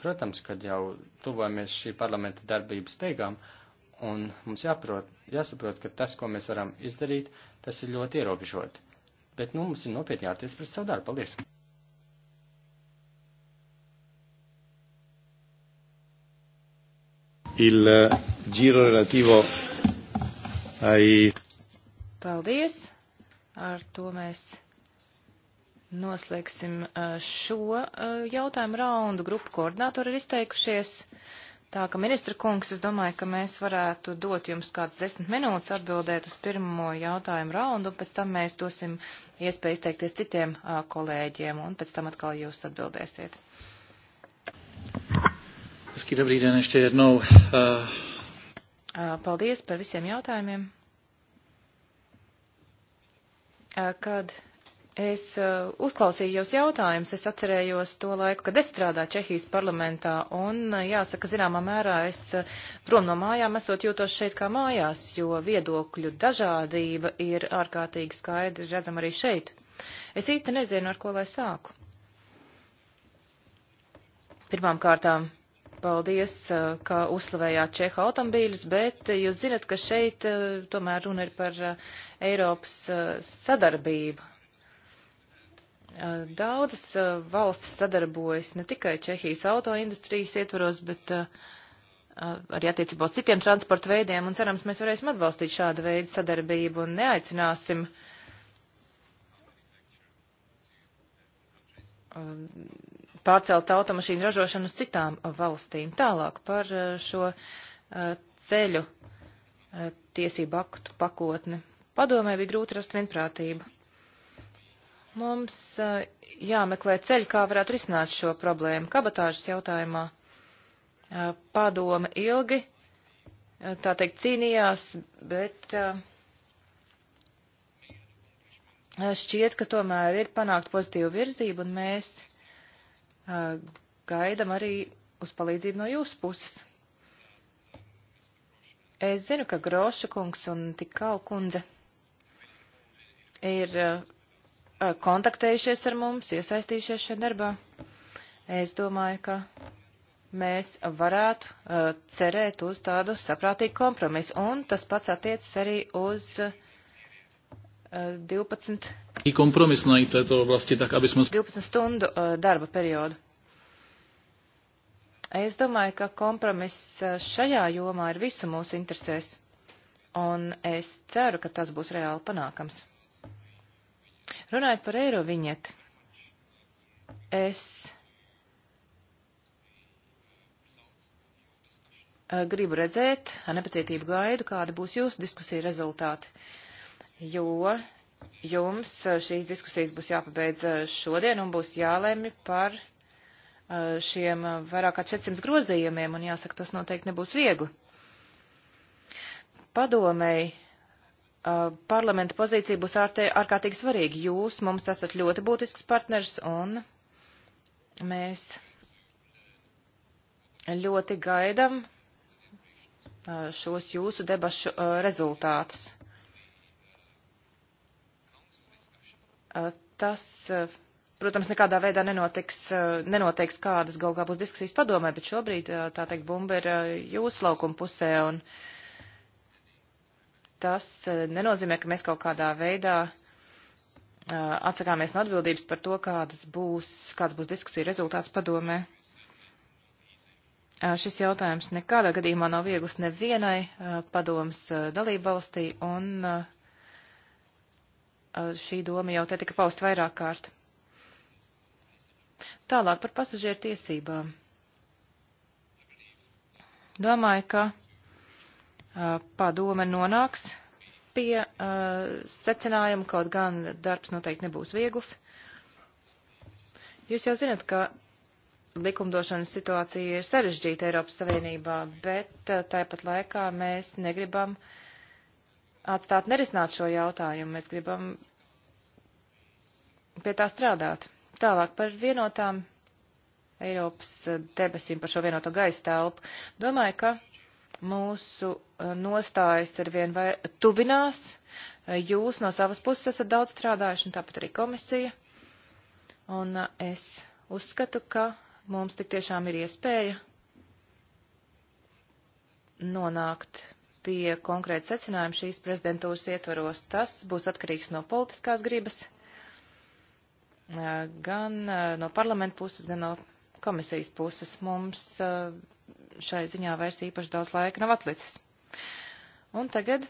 protams, kad jau tuvojamies šī parlamenta darbības beigām, uh, Un mums jāprot, jāsaprot, ka tas, ko mēs varam izdarīt, tas ir ļoti ierobežot. Bet nu, mums ir nopietni jāties pret savu darbu. Paldies! Il eh, giro relativo ai. Paldies! Ar to mēs noslēgsim eh, šo eh, jautājumu raundu. Grupu koordinātori ir izteikušies. Tā ka, ministra kungs, es domāju, ka mēs varētu dot jums kāds desmit minūtes atbildēt uz pirmo jautājumu raundu, un pēc tam mēs dosim iespēju izteikties citiem uh, kolēģiem, un pēc tam atkal jūs atbildēsiet. Hezký dobrý den ještě jednou. Uh... Paldies par visiem jautājumiem. Kad Es uh, uzklausīju jūs jautājumus, es atcerējos to laiku, kad es strādāju Čehijas parlamentā, un uh, jāsaka, zināmā mērā es uh, prom no mājām esot jūtos šeit kā mājās, jo viedokļu dažādība ir ārkārtīgi skaidri redzama arī šeit. Es īsti nezinu, ar ko lai sāku. Pirmām kārtām, paldies, uh, ka uzslavējāt Čehu automobīļus, bet uh, jūs zinat, ka šeit uh, tomēr runa ir par uh, Eiropas uh, sadarbību Eh, daudzas eh, valstis sadarbojas ne tikai Čehijas autoindustrijas ietvaros, bet eh, arī attiecībā uz citiem transporta veidiem, un cerams, mēs varēsim atbalstīt šādu veidu sadarbību un neaicināsim pārcelt automašīnu ražošanu uz citām valstīm. Tālāk par šo ceļu tiesību aktu pakotni. Padomē bija grūti rast vienprātību. Mums eh, jāmeklē ceļi, kā varētu risināt šo problēmu. Kabatāžas jautājumā eh, padome ilgi, eh, tā teikt, cīnījās, bet šķiet, ka tomēr ir panākt pozitīvu virzību, un mēs gaidam arī uz palīdzību no jūsu puses. Es zinu, ka Groša kungs un Tikau kundze ir kontaktējušies ar mums, iesaistījušies šajā darbā. Es domāju, ka mēs varētu uh, cerēt uz tādu saprātīgu kompromisu. Un tas pats attiecas arī uz uh, 12. Kompromisu, lai to valstī tā kā vismaz. 12 stundu uh, darba periodu. Es domāju, ka kompromiss šajā jomā ir visu mūsu interesēs. Un es ceru, ka tas būs reāli panākams. Runājot par eiro viņeti, es eh, gribu redzēt, ar nepacietību gaidu, kāda būs jūsu diskusija rezultāti, jo jums eh, šīs diskusijas būs jāpabeidz eh, šodien un būs jālemj par šiem vairāk kā 400 grozījumiem, un jāsaka, tas noteikti nebūs viegli. Padomēji Uh, parlamenta pozīcija būs ārkārtīgi svarīga. Jūs mums esat ļoti būtisks partners un mēs ļoti gaidam uh, šos jūsu debašu uh, rezultātus. Tas, protams, nekādā veidā nenotiks, nenoteiks, kādas galvā būs diskusijas padomē, bet šobrīd, tā teikt, bumba ir jūsu laukuma pusē un uh, tas eh, nenozīmē, ka mēs kaut kādā veidā eh, atsakāmies no atbildības par to, kādas būs, kāds būs diskusija rezultāts padomē. Eh, šis jautājums nekādā gadījumā nav viegls nevienai padomas dalību valstī, un šī doma jau te tika paust vairāk kārt. Tālāk par pasažieru tiesībām. Domāju, ka Uh, padome nonāks pie uh, secinājuma, kaut gan darbs noteikti nebūs viegls. Jūs jau zinat, ka likumdošanas situācija ir sarežģīta Eiropas Savienībā, bet uh, tāpat laikā mēs negribam atstāt nerisināt šo jautājumu. Mēs gribam pie tā strādāt. Tālāk par vienotām Eiropas debesīm, par šo vienoto gaisa telpu. Domāju, ka mūsu eh, nostājas arvien vai tuvinās. Eh, jūs no savas puses esat daudz strādājuši, un tāpat arī komisija. Un eh, es uzskatu, ka mums tik tiešām ir iespēja nonākt pie konkrēta secinājuma šīs prezidentūras ietvaros. Tas būs atkarīgs no politiskās gribas, gan no parlamenta puses, gan no komisijas puses. Mums šai ziņā vairs īpaši daudz laika nav atlicis. Un tagad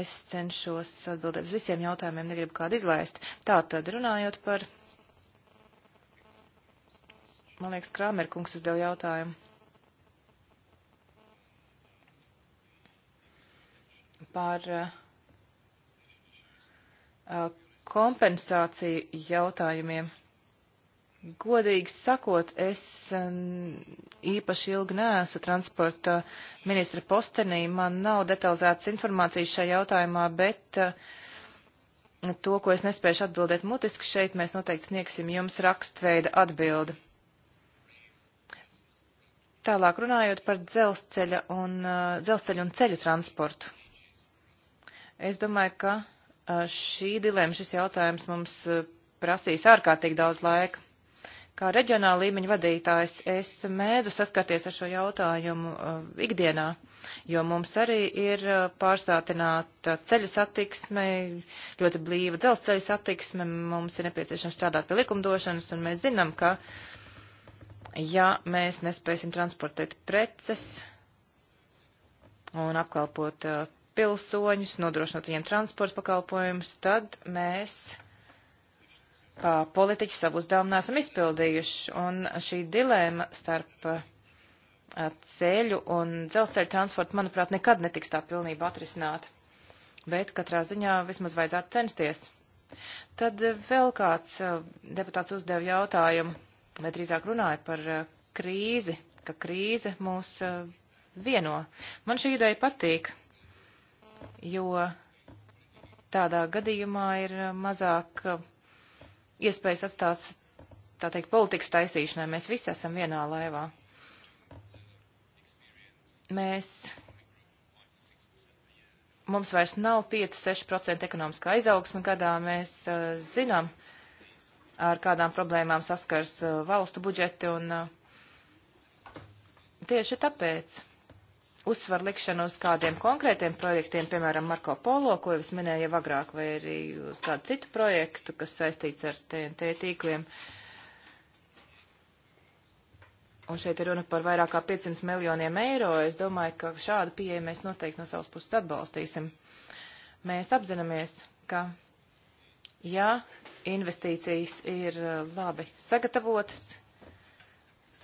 es cenšos atbildēt uz visiem jautājumiem, negribu kādu izlaist. Tā tad runājot par. Man liekas, Krāmerkungs uzdev jautājumu. Par uh, kompensāciju jautājumiem. Godīgi sakot, es um, īpaši ilgi neesmu transporta ministra postenī, man nav detalizētas informācijas šajā jautājumā, bet uh, to, ko es nespēju atbildēt mutiski šeit, mēs noteikti sniegsim jums rakstveida atbildi. Tālāk runājot par dzelzceļa un, uh, dzelzceļa un ceļu transportu. Es domāju, ka uh, šī dilēma, šis jautājums mums prasīs ārkārtīgi daudz laika. Kā reģionāla līmeņa vadītājs es mēdzu saskarties ar šo jautājumu uh, ikdienā, jo mums arī ir uh, pārsātināta ceļu satiksme, ļoti blīva dzelzceļu satiksme, mums ir nepieciešams strādāt pie likumdošanas, un mēs zinām, ka ja mēs nespēsim transportēt preces un apkalpot uh, pilsoņus, nodrošinot viņiem transporta pakalpojumus, tad mēs politiķi savu uzdevumu nesam izpildījuši, un šī dilēma starp uh, ceļu un dzelzceļu transportu, manuprāt, nekad netiks tā pilnībā atrisināt. Bet katrā ziņā vismaz vajadzētu censties. Tad uh, vēl kāds uh, deputāts uzdeva jautājumu, vai drīzāk runāja par krīzi, ka krīze mūs vieno. Man šī ideja patīk, jo tādā gadījumā ir mazāk iespējas atstāts, tā teikt, politikas taisīšanai. Mēs visi esam vienā laivā. Mēs mums vairs nav 5-6% ekonomiskā izaugsme gadā. Mēs uh, zinām, ar kādām problēmām saskars uh, valstu budžeti un uh, tieši tāpēc uzsvaru likšanu uz kādiem konkrētiem projektiem, piemēram, Marko Polo, ko jau es minēju jau agrāk, vai arī uz kādu citu projektu, kas saistīts ar TNT tīkliem. Un šeit ir runa par vairāk kā 500 miljoniem eiro. Es domāju, ka šādu pieeju mēs noteikti no savas puses atbalstīsim. Mēs apzināmies, ka, ja investīcijas ir eh, labi sagatavotas,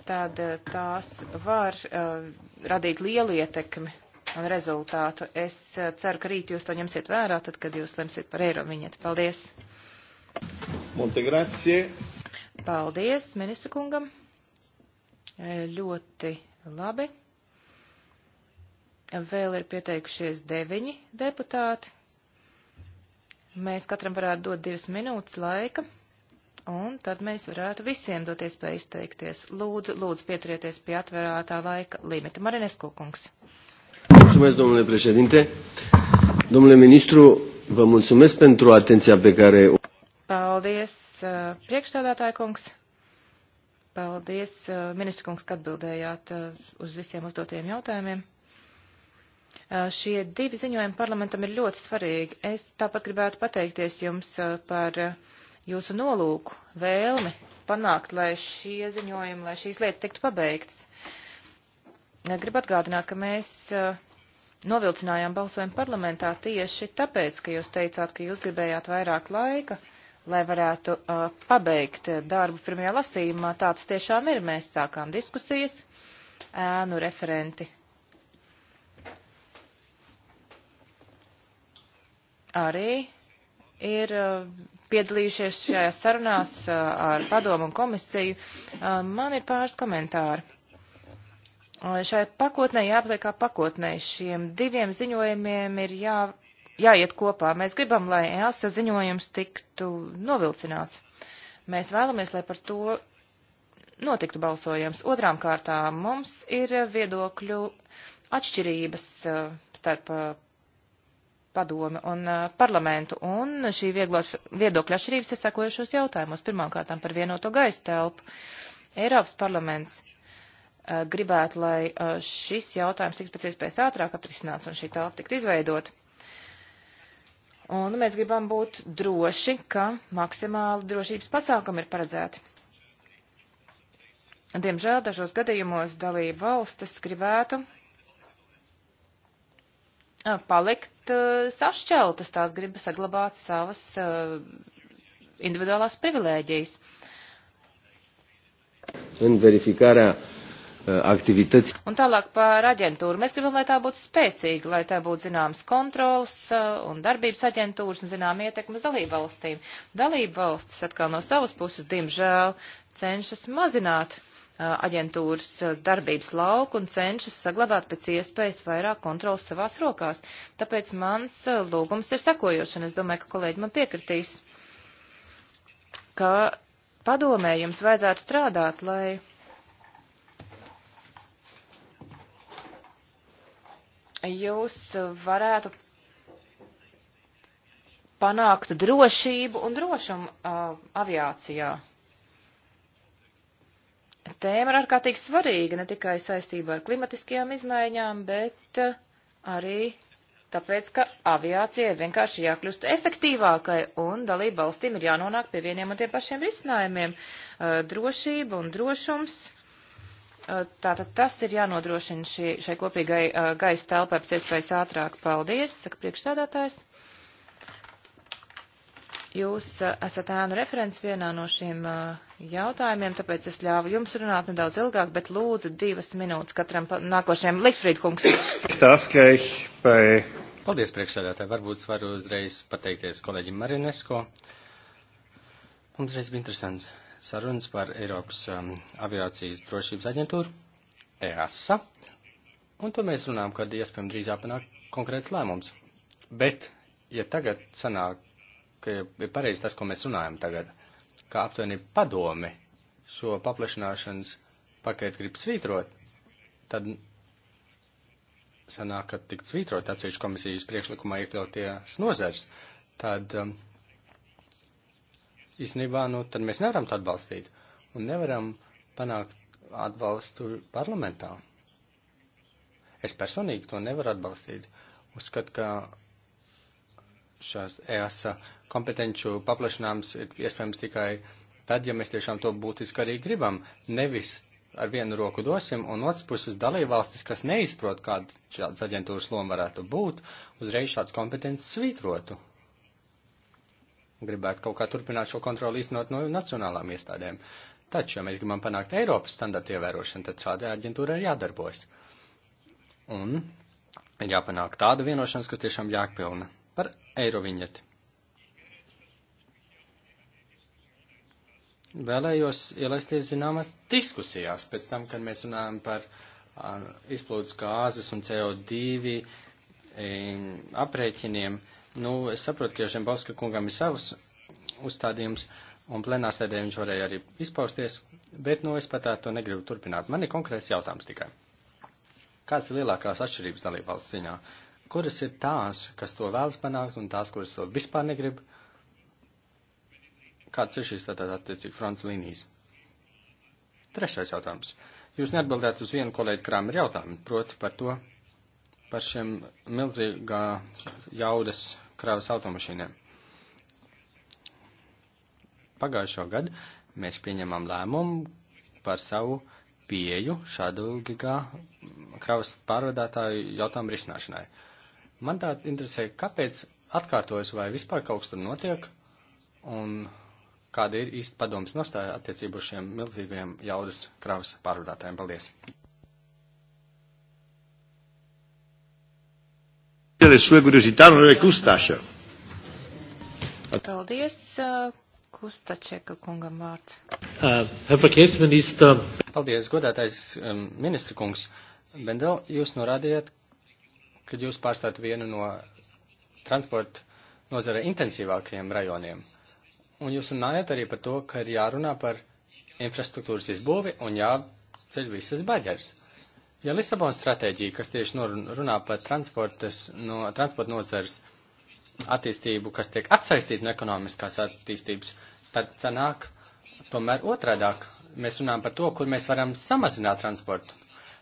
tad eh, tās var uh, radīt lielu ietekmi un rezultātu. Es uh, ceru, ka rīt jūs to ņemsiet vērā, tad, kad jūs lemsiet par eiro viņiet. Paldies! Montegrācie! Paldies ministru kungam! E, ļoti labi. Vēl ir pieteikušies deviņi deputāti. Mēs katram varētu dot divas minūtes laika. Un tad mēs varētu visiem dot iespēju izteikties. Lūdzu, lūdzu, pieturieties pie atvērtā laika limita. Marinesko kungs. Mulțumesc, domnule președinte. Domnule ministru, vă mulțumesc pentru atenția pe care o... Paldies, uh, priekšstādātāja kungs. Paldies, uh, ministra kungs, ka atbildējāt uh, uz visiem uzdotajiem jautājumiem. Šie divi ziņojumi parlamentam ir ļoti svarīgi. Es tāpat gribētu pateikties jums par uh, jūsu nolūku, vēlmi panākt, lai šie ziņojumi, lai šīs lietas tiktu pabeigts. Gribu atgādināt, ka mēs eh, novilcinājām balsojumu parlamentā tieši tāpēc, ka jūs teicāt, ka jūs gribējāt vairāk laika, lai varētu eh, pabeigt darbu pirmajā lasījumā. Tāds tiešām ir. Mēs sākām diskusijas, ēnu referenti arī ir uh, piedalījušies šajās sarunās uh, ar padomu un komisiju. Uh, man ir pāris komentāri. Šai pakotnē jāpaliek kā pakotnē. Šiem diviem ziņojumiem ir jā, jāiet kopā. Mēs gribam, lai EASA ziņojums tiktu novilcināts. Mēs vēlamies, lai par to notiktu balsojums. Otrām kārtām mums ir viedokļu atšķirības starp padomi un eh, parlamentu. Un šī vieglos, viedokļa atšķirības ir sekojušos jautājumos. Pirmkārtām par vienoto gaisa telpu. Eiropas parlaments eh, gribētu, lai eh, šis jautājums tiktu pēc iespējas ātrāk atrisināts un šī telpa tiktu izveidot. Un mēs gribam būt droši, ka maksimāli drošības pasākumi ir paredzēti. Diemžēl dažos gadījumos dalība valstis gribētu Eh, palikt eh, sašķeltas, tās grib saglabāt savas eh, individuālās privilēģijas. Un verificarea aktivitātes. Un tālāk par aģentūru. Mēs gribam, lai tā būtu spēcīga, lai tā būtu zināmas kontrols un darbības aģentūras un zinām ietekmes dalību valstīm. Dalību valstis atkal no savas puses, diemžēl, cenšas mazināt Uh, aģentūras darbības lauku un cenšas saglabāt pēc iespējas vairāk kontrolas savās rokās. Tāpēc mans uh, lūgums ir sekojošs, un es domāju, ka kolēģi man piekritīs, ka padomē jums vajadzētu strādāt, lai jūs varētu panākt drošību un drošumu uh, aviācijā tēma ir ārkārtīgi svarīga ne tikai saistībā ar klimatiskajām izmaiņām, bet eh, arī tāpēc, ka aviācija vienkārši jākļūst efektīvākai un dalība valstīm ir jānonāk pie vieniem un tiem pašiem risinājumiem. Eh, drošība un drošums. Eh, tātad tas ir jānodrošina šī, šai kopīgai gaisa telpai pēc iespējas ātrāk. Paldies, saka priekšsēdētājs. Jūs uh, esat ēnu referents vienā no šiem uh, jautājumiem, tāpēc es ļāvu jums runāt nedaudz ilgāk, bet lūdzu divas minūtes katram nākošajam. Liksfrīd kungs. Paldies, priekšsēdētāji. Varbūt varu uzreiz pateikties kolēģim Marinesko. Mums reiz bija interesants sarunas par Eiropas um, aviācijas drošības aģentūru, EASA. Un to mēs runājam, kad iespējams drīz jāpanāk konkrēts lēmums. Bet, ja tagad sanāk ka ir pareizi tas, ko mēs runājam tagad, ka aptuveni padome šo paplašināšanas paketu grib svītrot, tad sanāk, ka tik svītrot atsevišķu komisijas priekšlikumā iekļauties nozars, tad um, īstenībā, nu, tad mēs nevaram to atbalstīt un nevaram panākt atbalstu parlamentā. Es personīgi to nevaru atbalstīt. Uzskatu, ka šās EASA kompetenču paplašinājums ir iespējams tikai tad, ja mēs tiešām to būtiski arī gribam. Nevis ar vienu roku dosim, un otrs puses dalībvalstis, kas neizprot, kāda šādas aģentūras loma varētu būt, uzreiz šāds kompetences svītrotu. Gribētu kaut kā turpināt šo kontroli īstenot no nacionālām iestādēm. Taču, ja mēs gribam panākt Eiropas standartu ievērošanu, tad šādai aģentūrai ir jādarbojas. Un ir jāpanāk tāda vienošanās, kas tiešām jākpilna par eiroviņeti. vēlējos ielaisties zināmas diskusijās pēc tam, kad mēs runājam par izplūdes gāzes un CO2 e, aprēķiniem. Nu, es saprotu, ka Žem Bauska kungam ir savs uzstādījums, un plenāsēdē viņš varēja arī izpausties, bet, nu, es pat tā to negribu turpināt. Man ir konkrēts jautājums tikai. Kāds ir lielākās atšķirības dalībvalsts ziņā? Kuras ir tās, kas to vēlas panākt, un tās, kuras to vispār negrib? Kāds ir šīs tātad attiecīgi fronts līnijas? Trešais jautājums. Jūs neatbildētu uz vienu kolēģi Krāmeru jautājumu, proti par to, par šiem milzīgā jaudas krāvas automašīniem. Pagājušo gadu mēs pieņemam lēmumu par savu pieju šādu gigā kravas pārvadātāju jautājumu risināšanai. Man tā interesē, kāpēc atkārtojas vai vispār kaut kas tur notiek, un kāda ir īsta padomas nostāja attiecību uz šiem milzīgajiem jaudas kravas pārvadātājiem. Paldies! Paldies, eh, Kustačeka kungam vārds. Eh, Paldies, godātais ministra kungs. Bendel, jūs norādījāt, kad jūs pārstāt vienu no transporta nozara intensīvākajiem rajoniem. Un jūs runājat arī par to, ka ir jārunā par infrastruktūras izbūvi un jāceļ visas baļķers. Ja Lisabonas stratēģija, kas tieši runā par no, transporta nozars attīstību, kas tiek atsaistīta no ekonomiskās attīstības, tad sanāk tomēr otrādāk. Mēs runājam par to, kur mēs varam samazināt transportu.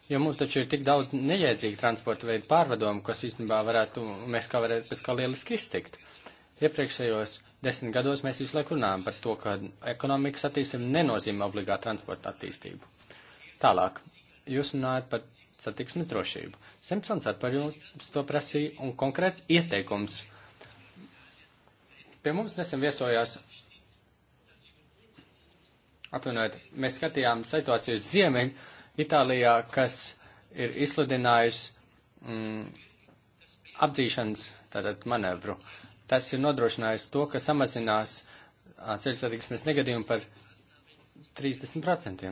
Jo mums taču ir tik daudz neiedzīgu transporta veidu pārvadomu, kas īstenībā varētu, mēs kā varētu pēc kā lieliski iztikt. Iepriekšējos desmit gados mēs visu laiku runājam par to, ka ekonomikas attīstība nenozīmē obligāti transporta attīstību. Tālāk, jūs runājat par satiksmes drošību. Simpsons atpar jums to prasīja un konkrēts ieteikums. Pie mums nesen viesojās, atvainojiet, mēs skatījām situāciju Ziemeļ Itālijā, kas ir izsludinājusi mm, apdzīšanas tātad manevru. Uh, Tas ir nodrošinājis to, ka samazinās ceļu satiksmes negadījumu par 30%.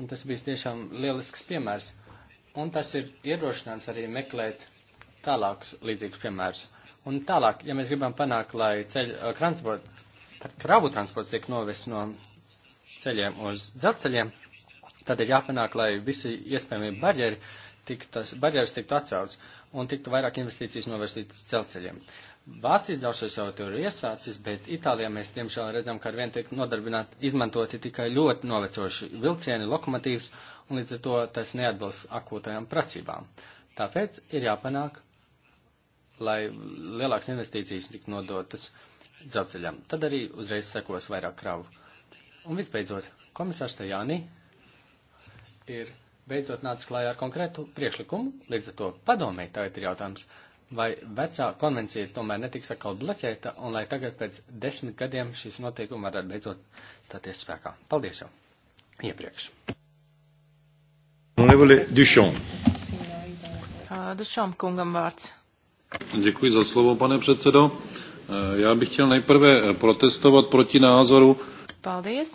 Un tas bija tiešām lielisks piemērs. Un tas ir iedrošinājums arī meklēt tālākus līdzīgus piemērus. Un tālāk, ja mēs gribam panākt, lai ceļu transport, kravu transports tiek novest no ceļiem uz dzelceļiem, tad ir jāpanāk, lai visi iespējamie barjeri tiktas, barjeras tiktu atcelts un tiktu vairāk investīcijas novērst līdz dzelceļiem. Uh, Vācijas daudzos jau tur ir iesācis, bet Itālijā mēs tiemžēl redzam, ka ar vien tiek nodarbināti, izmantoti tikai ļoti novecoši vilcieni, lokomotīvas, un līdz ar to tas neatbilst akūtajām prasībām. Tāpēc ir jāpanāk, lai lielākas investīcijas tiktu nodotas dzelzceļam. Tad arī uzreiz sekos vairāk kravu. Un visbeidzot, komisārs Tajāni ir beidzot nācis klājā ar konkrētu priekšlikumu, līdz ar to padomē, tā ir jautājums, vai vecā konvencija tomēr netiks atkal bloķēta un lai tagad pēc desmit gadiem šīs noteikumi varētu beidzot stāties spēkā. Paldies jau iepriekš. Honorable Duchamp. Uh, Duchamp kungam vārds. Děkuji za slovo, pane předsedo. Uh, já bych chtěl nejprve eh, protestovat proti názoru. Paldies.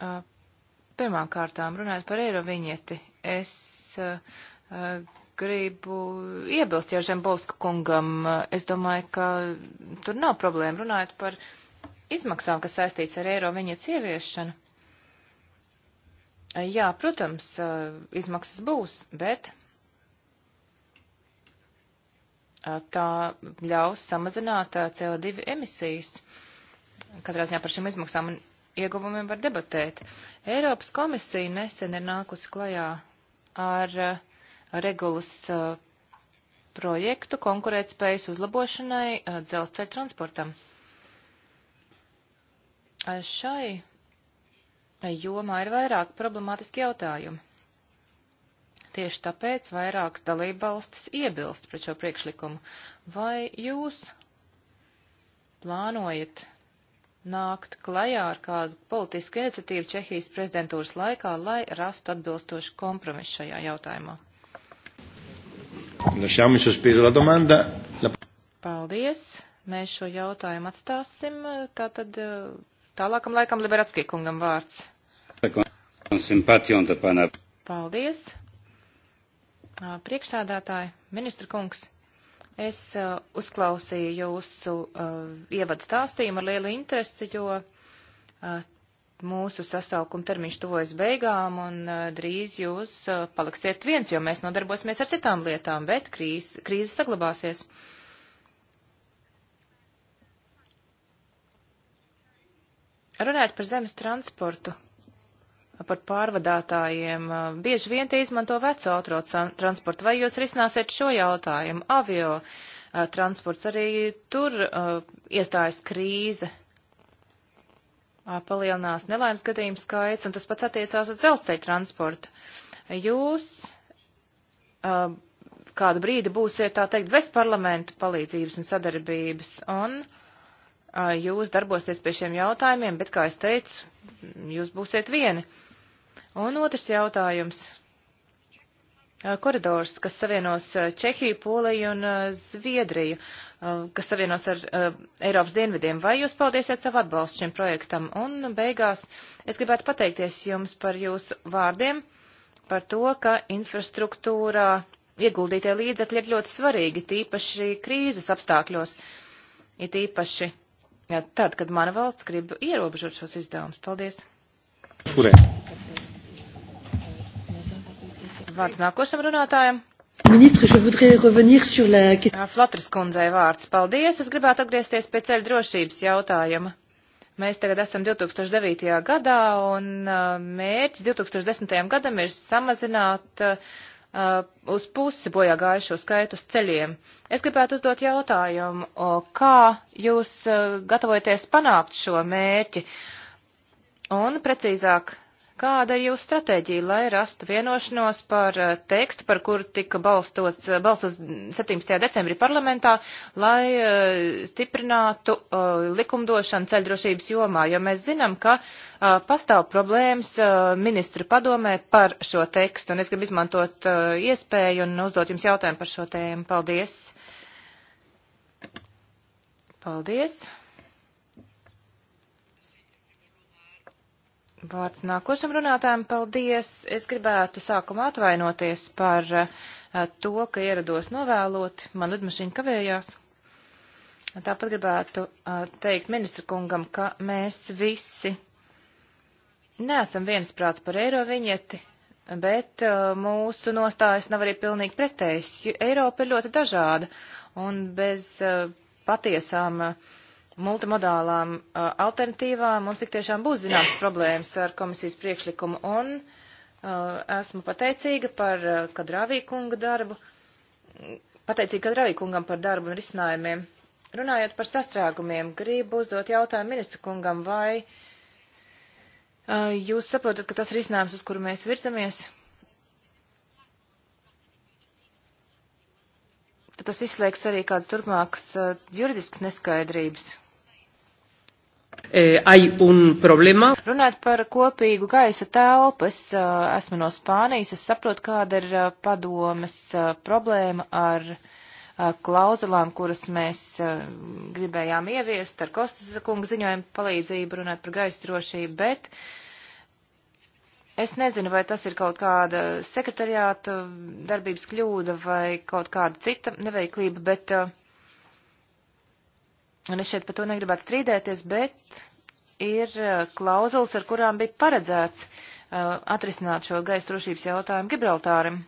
Uh, pirmām kārtām runājot par eiro viņieti, es gribu iebilst jau Žembovska kungam. Es domāju, ka tur nav problēma runājot par izmaksām, kas saistīts ar eiro viņa cieviešanu. Jā, protams, izmaksas būs, bet tā ļaus samazināt CO2 emisijas. Katrā ziņā par šīm izmaksām un ieguvumiem var debatēt. Eiropas komisija nesen ir nākusi klajā ar uh, regulas projektu konkurētspējas uzlabošanai dzelzceļa transportam. Šai jomā ir vairāk problemātiski jautājumi. Tieši tāpēc vairākas dalībvalstis iebilst pret šo priekšlikumu. Vai jūs plānojat nākt klajā ar kādu politisku iniciatīvu Čehijas prezidentūras laikā, lai rastu atbilstošu kompromisu šajā jautājumā? Lasciamo in sospeso la domanda. La... Paldies. Mēs šo jautājumu atstāsim. Tātad eh, tālākam laikam Liberatskij kungam vārds. Paldies. Eh, Priekšsādātāji, ministra kungs, es eh, uzklausīju jūsu ievadu stāstījumu ar lielu interesi, jo mūsu sasaukuma termiņš tuvojas beigām un eh, drīz jūs eh, paliksiet viens, jo mēs nodarbosimies ar citām lietām, bet krīz, krīze saglabāsies. Runājot par zemes transportu, par pārvadātājiem, eh, bieži vien tie izmanto veco autotransportu. Vai jūs risināsiet šo jautājumu? Avio transports arī tur uh, iestājas krīze palielinās nelaimes gadījumu skaits, un tas pats attiecās uz dzelzceļa transportu. Jūs kādu brīdi būsiet, tā teikt, bez parlamentu palīdzības un sadarbības, un jūs darbosieties pie šiem jautājumiem, bet, kā es teicu, jūs būsiet vieni. Un otrs jautājums. Koridors, kas savienos Čehiju, Poliju un Zviedriju. Uh, Eh, kas savienos ar eh, Eiropas dienvidiem. Vai jūs paldiesiet savu atbalstu šim projektam? Un beigās es gribētu pateikties jums par jūsu vārdiem, par to, ka infrastruktūrā ieguldītie līdzekļi ir ļoti svarīgi, tīpaši krīzes apstākļos, ir tīpaši tad, kad mana valsts grib ierobežot šos izdevumus. Paldies! Kurē? Vārds nākošam runātājam. Ministri, je voudrais revenir sur la question. Ah, Flatras kundzei vārds. Paldies. Es gribētu atgriezties pie ceļu drošības jautājuma. Mēs tagad esam 2009. gadā un uh, mērķis 2010. gadam ir samazināt uh, uz pusi bojā gājušo skaitu uz ceļiem. Es gribētu uzdot jautājumu, kā jūs uh, gatavojaties panākt šo mērķi? Un precīzāk, Kāda ir jūsu stratēģija, lai rastu vienošanos par eh, tekstu, par kuru tika balstots, eh, balstots 17. decembrī parlamentā, lai eh, stiprinātu likumdošanu ceļdrošības jomā? Jo mēs zinām, ka pastāv problēmas ministru padomē par šo tekstu, un es gribu izmantot iespēju un uzdot jums jautājumu par šo tēmu. Paldies! Paldies! Vārds nākošam runātājiem, paldies. Es gribētu sākumā atvainoties par eh, to, ka ierados novēlot, man lidmašīna kavējās. Tāpat gribētu eh, teikt ministra kungam, ka mēs visi neesam viensprāts par eiro viņieti, bet eh, mūsu nostājas nav arī pilnīgi pretējas. Eiropa ir ļoti dažāda un bez patiesām uh, multimodālām uh, alternatīvām mums tik tiešām būs zināmas problēmas ar komisijas priekšlikumu un uh, esmu pateicīga par uh, Kadrāvī kunga darbu, pateicīga Kadrāvī kungam par darbu un risinājumiem. Runājot par sastrēgumiem, gribu uzdot jautājumu ministra kungam, vai jūs saprotat, ka tas risinājums, uz kuru mēs virzamies, tad tas izslēgs arī kādas turpmākas juridiskas neskaidrības, Eh, hay un problema. Runāt par kopīgu gaisa telpu, es eh, esmu no Spānijas, es saprotu, kāda ir eh, padomes problēma ar klauzulām, kuras mēs gribējām ieviest ar Kostas kunga ziņojumu palīdzību runāt par gaisa drošību, bet es nezinu, vai tas ir kaut kāda sekretariāta darbības kļūda vai kaut kāda cita neveiklība, bet uh, un es šeit par to negribētu strīdēties, bet ir uh, klauzulas, ar kurām bija paredzēts uh, atrisināt šo gaisa drošības jautājumu Gibraltārim.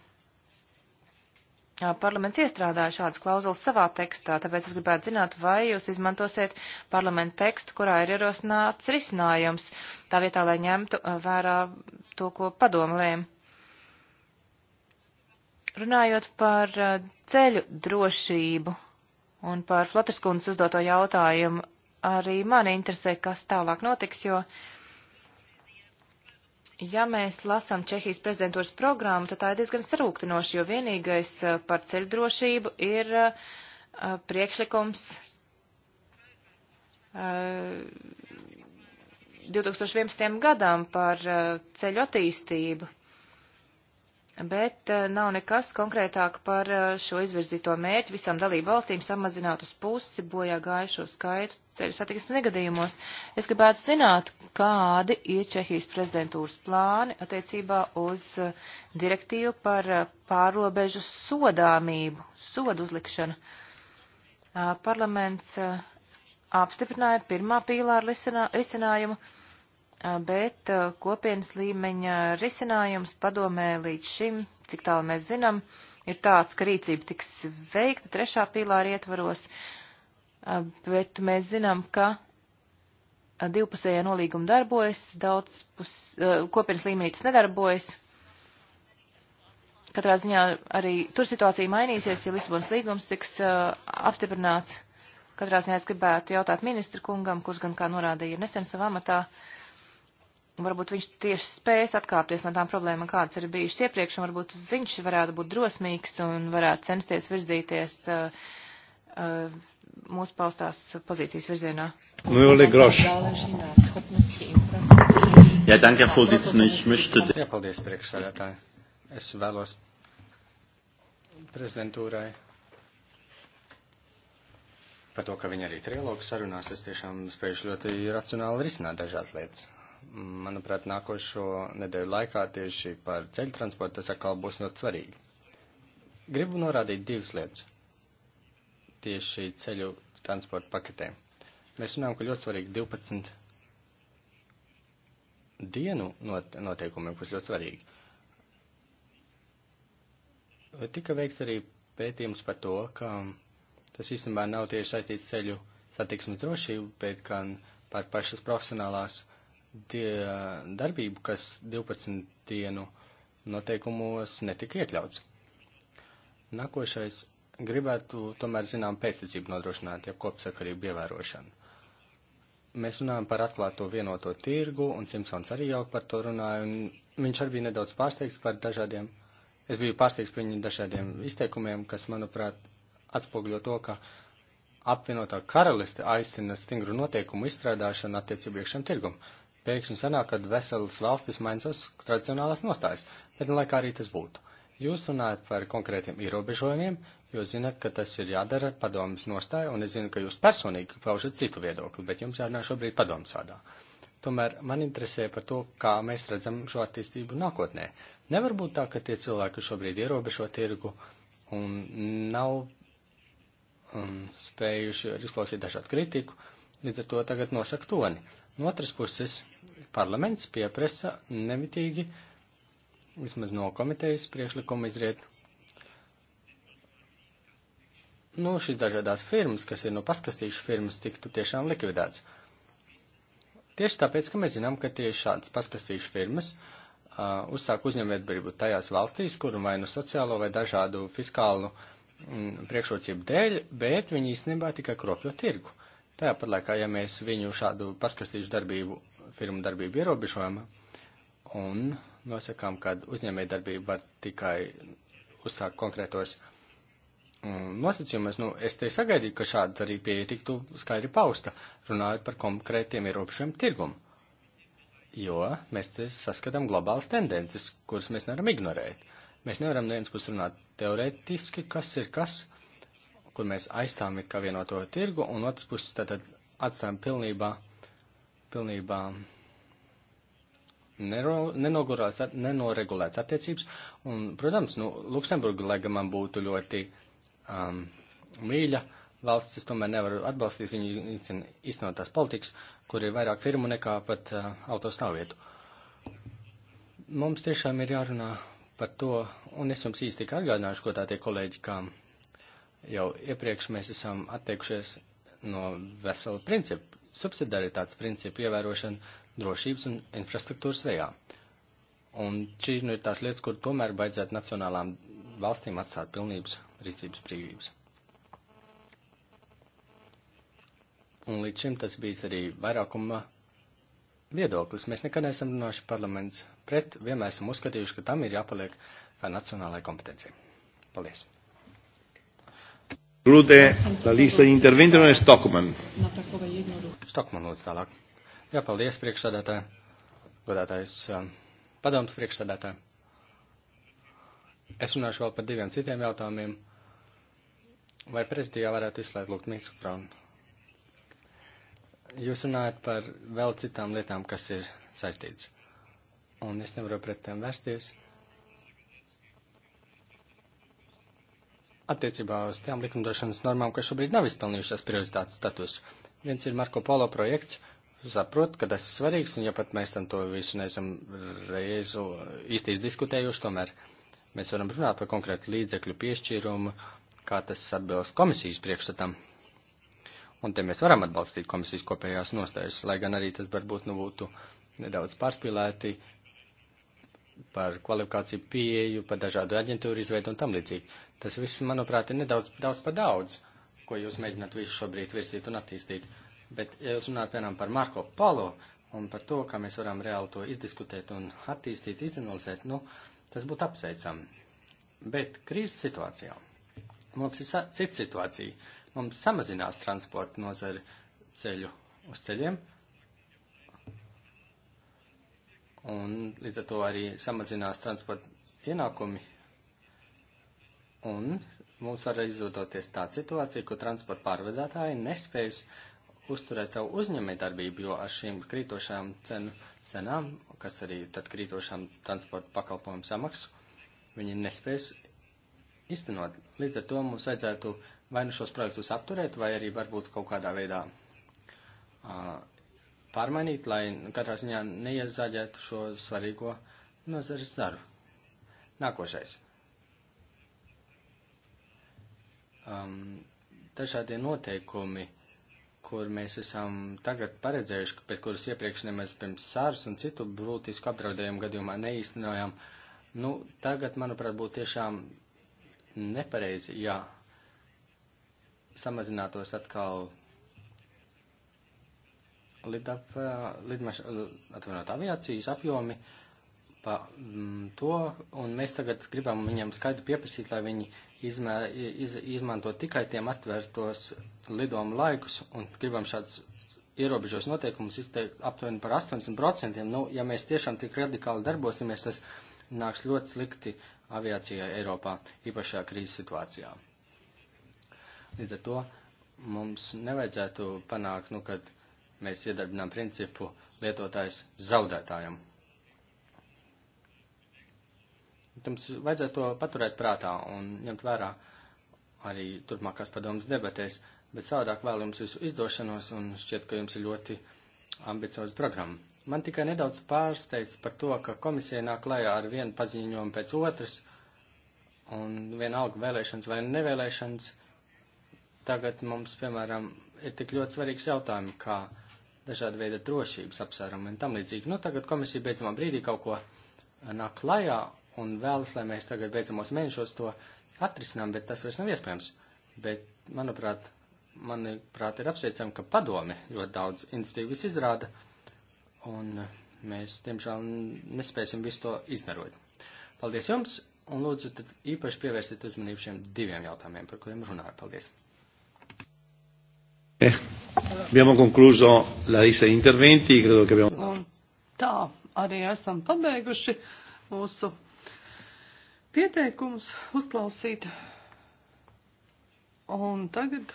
Uh, parlaments iestrādāja šādas klauzulas savā tekstā, tāpēc es gribētu zināt, vai jūs izmantosiet parlamentu tekstu, kurā ir ierosināts risinājums, tā vietā, lai ņemtu uh, vērā to, ko padomu lēma. Runājot par uh, ceļu drošību, Un par Flotaskundas uzdoto jautājumu arī mani interesē, kas tālāk notiks, jo, ja mēs lasām Čehijas prezidentūras programmu, tad tā ir diezgan sarūktinoša, jo vienīgais eh, par ceļdrošību ir eh, priekšlikums 2011. Eh, gadam par ceļu attīstību bet eh, nav nekas konkrētāk par eh, šo izvirzīto mērķi visām dalību valstīm samazināt uz pusi bojā gājušo skaitu ceļu satiksmes negadījumos. Es gribētu zināt, kādi ir Čehijas prezidentūras plāni attiecībā uz eh, direktīvu par pārobežu sodāmību, sodu uzlikšanu. Parlaments apstiprināja pirmā pīlāra risinājumu. Lisinā, bet kopienas līmeņa risinājums padomē līdz šim, cik tālu mēs zinām, ir tāds, ka rīcība tiks veikta trešā pīlāra ietvaros, bet mēs zinām, ka divpusējā nolīguma darbojas, daudz pus, kopienas līmenī tas nedarbojas. Katrā ziņā arī tur situācija mainīsies, ja Lisabonas līgums tiks apstiprināts. Katrā ziņā es gribētu jautāt ministru kungam, kurš gan kā norādīja nesen savā matā, uh, varbūt viņš tieši spēs atkāpties no tām problēmām, kādas ir bijušas iepriekš, un varbūt viņš varētu būt drosmīgs un varētu censties virzīties uh, uh, mūsu paustās pozīcijas virzienā. Nulli groši. Jā, danke, Vorsitzende, ich möchte. Jā, paldies, priekšsēdētāji. Es vēlos prezidentūrai par to, ka viņi arī trilogu sarunās, es tiešām spējuši ļoti racionāli risināt dažās lietas manuprāt, nākošo nedēļu laikā tieši par ceļu transportu tas atkal būs ļoti svarīgi. Gribu norādīt divas lietas tieši ceļu transporta paketē. Mēs runājam, ka ļoti svarīgi 12 dienu not noteikumiem, kas ļoti svarīgi. Tika veikts arī pētījums par to, ka tas īstenībā nav tieši saistīts ceļu satiksmes drošību, bet gan par pašas profesionālās die darbību, kas 12 dienu noteikumos netika iekļauts. Nākošais gribētu tomēr zinām pēcticību nodrošināt, ja kopsakarību ievērošanu. Mēs runājam par atklāto vienoto tirgu, un Simpsons arī jau par to runāja, un viņš arī bija nedaudz pārsteigts par dažādiem, es biju pārsteigts par viņu dažādiem izteikumiem, kas, manuprāt, atspogļo to, ka apvienotā karaliste aicina stingru noteikumu izstrādāšanu attiecību iekšējiem tirgumam pēkšņi sanāk, ka veselas valstis maina savas tradicionālās nostājas, bet nu lai kā arī tas būtu. Jūs runājat par konkrētiem ierobežojumiem, jo zinat, ka tas ir jādara padomas nostāja, un es zinu, ka jūs personīgi paužat citu viedokli, bet jums jārunā šobrīd padomas vārdā. Tomēr man interesē par to, kā mēs redzam šo attīstību nākotnē. Nevar būt tā, ka tie cilvēki šobrīd ierobežo tirgu un nav um, spējuši izklausīt dažādu kritiku, līdz ar to tagad nosaka toni. Uh, No otras puses, parlaments pieprasa nemitīgi, vismaz no komitejas priekšlikuma izriet, nu, šīs dažādās firmas, kas ir no paskastījušas firmas, tiktu tiešām likvidēts. Tieši tāpēc, ka mēs zinām, ka tieši šādas paskastījušas firmas uh, uzsāk uzņēmētbrību tajās valstīs, kuru vai nu sociālo vai dažādu fiskālu mm, priekšrocību dēļ, bet viņi īstenībā tikai kropļo tirgu. Tāpat laikā, ja mēs viņu šādu paskastīšu darbību, firmu darbību ierobežojam un nosakām, ka uzņēmē darbību var tikai uzsākt konkrētos mm, nosacījumos, nu, es te sagaidīju, ka šāda arī pieeja tiktu skaidri pausta, runājot par konkrētiem ierobežojumu tirgumu. Jo mēs te saskatām globālas tendences, kuras mēs nevaram ignorēt. Mēs nevaram neviens puses runāt teorētiski, kas ir kas, kur mēs aizstāvam it kā vienoto tirgu, un otrs puses tātad atstājam pilnībā, pilnībā nenoregulēts attiecības. Un, protams, nu, Luksemburga, lai gan man būtu ļoti um, mīļa valsts, es tomēr nevaru atbalstīt viņu īstenotās politikas, kur ir vairāk firmu nekā pat uh, autostāvvietu. Mums tiešām ir jārunā par to, un es jums īsti atgādināšu, ko tā tie kolēģi, kā jau iepriekš mēs esam atteikušies no vesela principa, subsidaritātes principa ievērošana drošības un infrastruktūras vējā. Un šīs nu ir tās lietas, kur tomēr baidzētu nacionālām valstīm atstāt pilnības rīcības brīvības. Un līdz šim tas bijis arī vairākuma viedoklis. Mēs nekad neesam runājuši parlaments pret, vienmēr esam uzskatījuši, ka tam ir jāpaliek kā nacionālai kompetencija. Paldies! Rūtē, tā lista interventi no Stokman. Stokman lūdzu tālāk. Jā, paldies priekšsādātāji, godātājs um, padoms priekšsādātāji. Es runāšu vēl par diviem citiem jautājumiem. Vai prezidijā varētu izslēgt lūgt mikrofonu? Jūs runājat par vēl citām lietām, kas ir saistīts. Un es nevaru pret tiem vērsties. attiecībā uz tām likumdošanas normām, kas šobrīd nav izpelnījušas prioritātes status. Viens ir Marko Polo projekts, saprot, ka tas ir svarīgs, un ja pat mēs tam to visu neesam reizu īsti izdiskutējuši, tomēr mēs varam runāt par konkrētu līdzekļu piešķīrumu, kā tas atbilst komisijas priekšstatam. Un te mēs varam atbalstīt komisijas kopējās nostājas, lai gan arī tas varbūt nu būtu nedaudz pārspīlēti, par kvalifikāciju pieeju, par dažādu aģentūru izveidu un tam līdzīgi. Tas viss, manuprāt, ir nedaudz daudz par daudz, ko jūs mēģināt visu šobrīd virzīt un attīstīt. Bet, ja jūs runājat, piemēram, par Marko Polo un par to, kā mēs varam reāli to izdiskutēt un attīstīt, izanalizēt, nu, tas būtu apsveicami. Bet krīzes situācijā mums ir cita situācija. Mums samazinās transporta nozari ceļu uz ceļiem, un līdz ar to arī samazinās transporta ienākumi Un mums var izdodoties tā situācija, ka transporta pārvedātāji nespējas uzturēt savu uzņēmēju darbību, jo ar šīm krītošām cenu, cenām, kas arī tad krītošām transporta pakalpojumu samaksu, viņi nespējas iztenot. Līdz ar to mums vajadzētu vai nu šos projektus apturēt, vai arī varbūt kaut kādā veidā uh, pārmainīt, lai katrā ziņā neiezaļētu šo svarīgo nozares darbu. Nākošais. um, dažādie noteikumi, kur mēs esam tagad paredzējuši, pēc kuras iepriekš nemaz pirms sārs un citu brūtisku apdraudējumu gadījumā neīstenojām, nu, tagad, manuprāt, būtu tiešām nepareizi, jā, samazinātos atkal lidap, uh, lidmaš, atvainot aviācijas apjomi, uh, pa mm, to, un mēs tagad gribam viņam skaidri pieprasīt, lai viņi izmē, iz, izmanto tikai tiem atvērtos lidojumu laikus, un gribam šāds ierobežos noteikumus izteikt aptuveni par 80%. Nu, ja mēs tiešām tik radikāli darbosimies, tas nāks ļoti slikti aviācijai Eiropā, īpašajā krīzes situācijā. Līdz ar to mums nevajadzētu panākt, nu, kad mēs iedarbinām principu lietotājs zaudētājiem Jums vajadzētu to paturēt prātā un ņemt vērā arī turpmākās padomas debatēs, bet savādāk vēl jums visu izdošanos un šķiet, ka jums ir ļoti ambicioza programma. Man tikai nedaudz pārsteidz par to, ka komisija nāk klajā ar vienu paziņojumu pēc otras, un vienalga vēlēšanas vai nevēlēšanas, tagad mums, piemēram, ir tik ļoti svarīgs jautājums, kā dažāda veida drošības apsvērumi un tam līdzīgi. Nu, tagad komisija beidzamā brīdī kaut ko nāk klajā, un vēlas, lai mēs tagad beidzamos mēnešos to atrisinām, bet tas vairs nav iespējams. Bet, manuprāt, manuprāt, ir apsveicami, ka padome ļoti daudz institīvis izrāda, un mēs, diemžēl, nespēsim visu to izdarot. Paldies jums, un lūdzu, tad īpaši pievērsiet uzmanību šiem diviem jautājumiem, par kuriem runāju. Paldies! Eh, abbiamo concluso la lista di interventi, credo che abbiamo... Tā, arī esam pabeiguši mūsu pieteikumus uzklausīt. Un tagad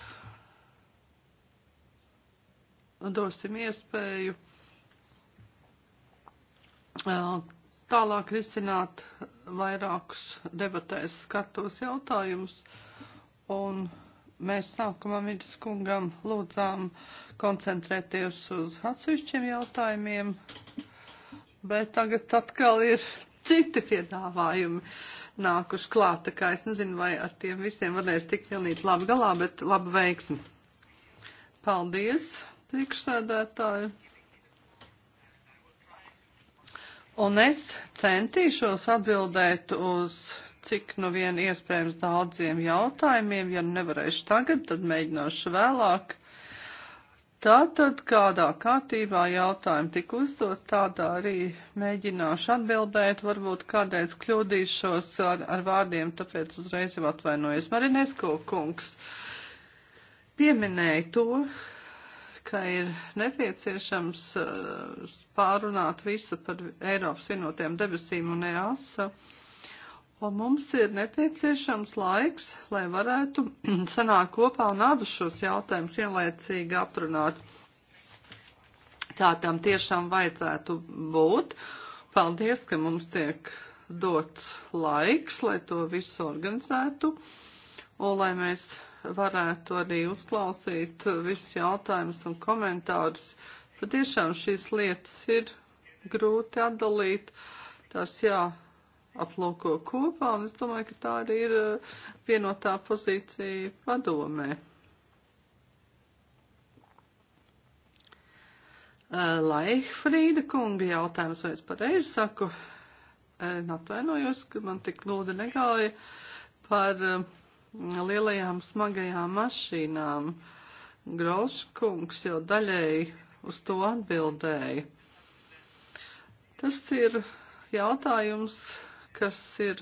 dosim iespēju tālāk risināt vairākus debatēs skatos jautājumus. Un mēs sākumā vidskungam lūdzām koncentrēties uz atsevišķiem jautājumiem, bet tagad atkal ir citi piedāvājumi. Uh, nākuši klāt, tā kā es nezinu, vai ar tiem visiem varēs tik pilnīgi labi galā, bet labu veiksmi. Paldies, priekšsēdētāji. Un es centīšos atbildēt uz cik nu vien iespējams daudziem jautājumiem. Ja nevarēšu tagad, tad mēģināšu vēlāk. Tātad kādā kārtībā jautājumi tika uzdot, tādā arī mēģināšu atbildēt, varbūt kādreiz kļūdīšos ar, ar vārdiem, tāpēc uzreiz jau atvainojos. Marinesko kungs pieminēja to, ka ir nepieciešams eh, pārunāt visu par Eiropas vienotiem debesīm un EASA. Uh, Un mums ir nepieciešams laiks, lai varētu sanākt kopā un abus šos jautājumus vienlaicīgi aprunāt. Tā tam tiešām vajadzētu būt. Paldies, ka mums tiek dots laiks, lai to visu organizētu un lai mēs varētu arī uzklausīt visus jautājumus un komentārus. Patiešām šīs lietas ir grūti atdalīt. Tas jā, aplūko kopā, un es domāju, ka tā arī ir eh, vienotā pozīcija padomē. Eh, Laihfrīda kunga jautājums, vai es pareizi saku, eh, atvainojos, ka man tik lūda negāja par lielajām smagajām mašīnām. Grauškungs jau daļēji uz to atbildēja. Tas ir jautājums, kas ir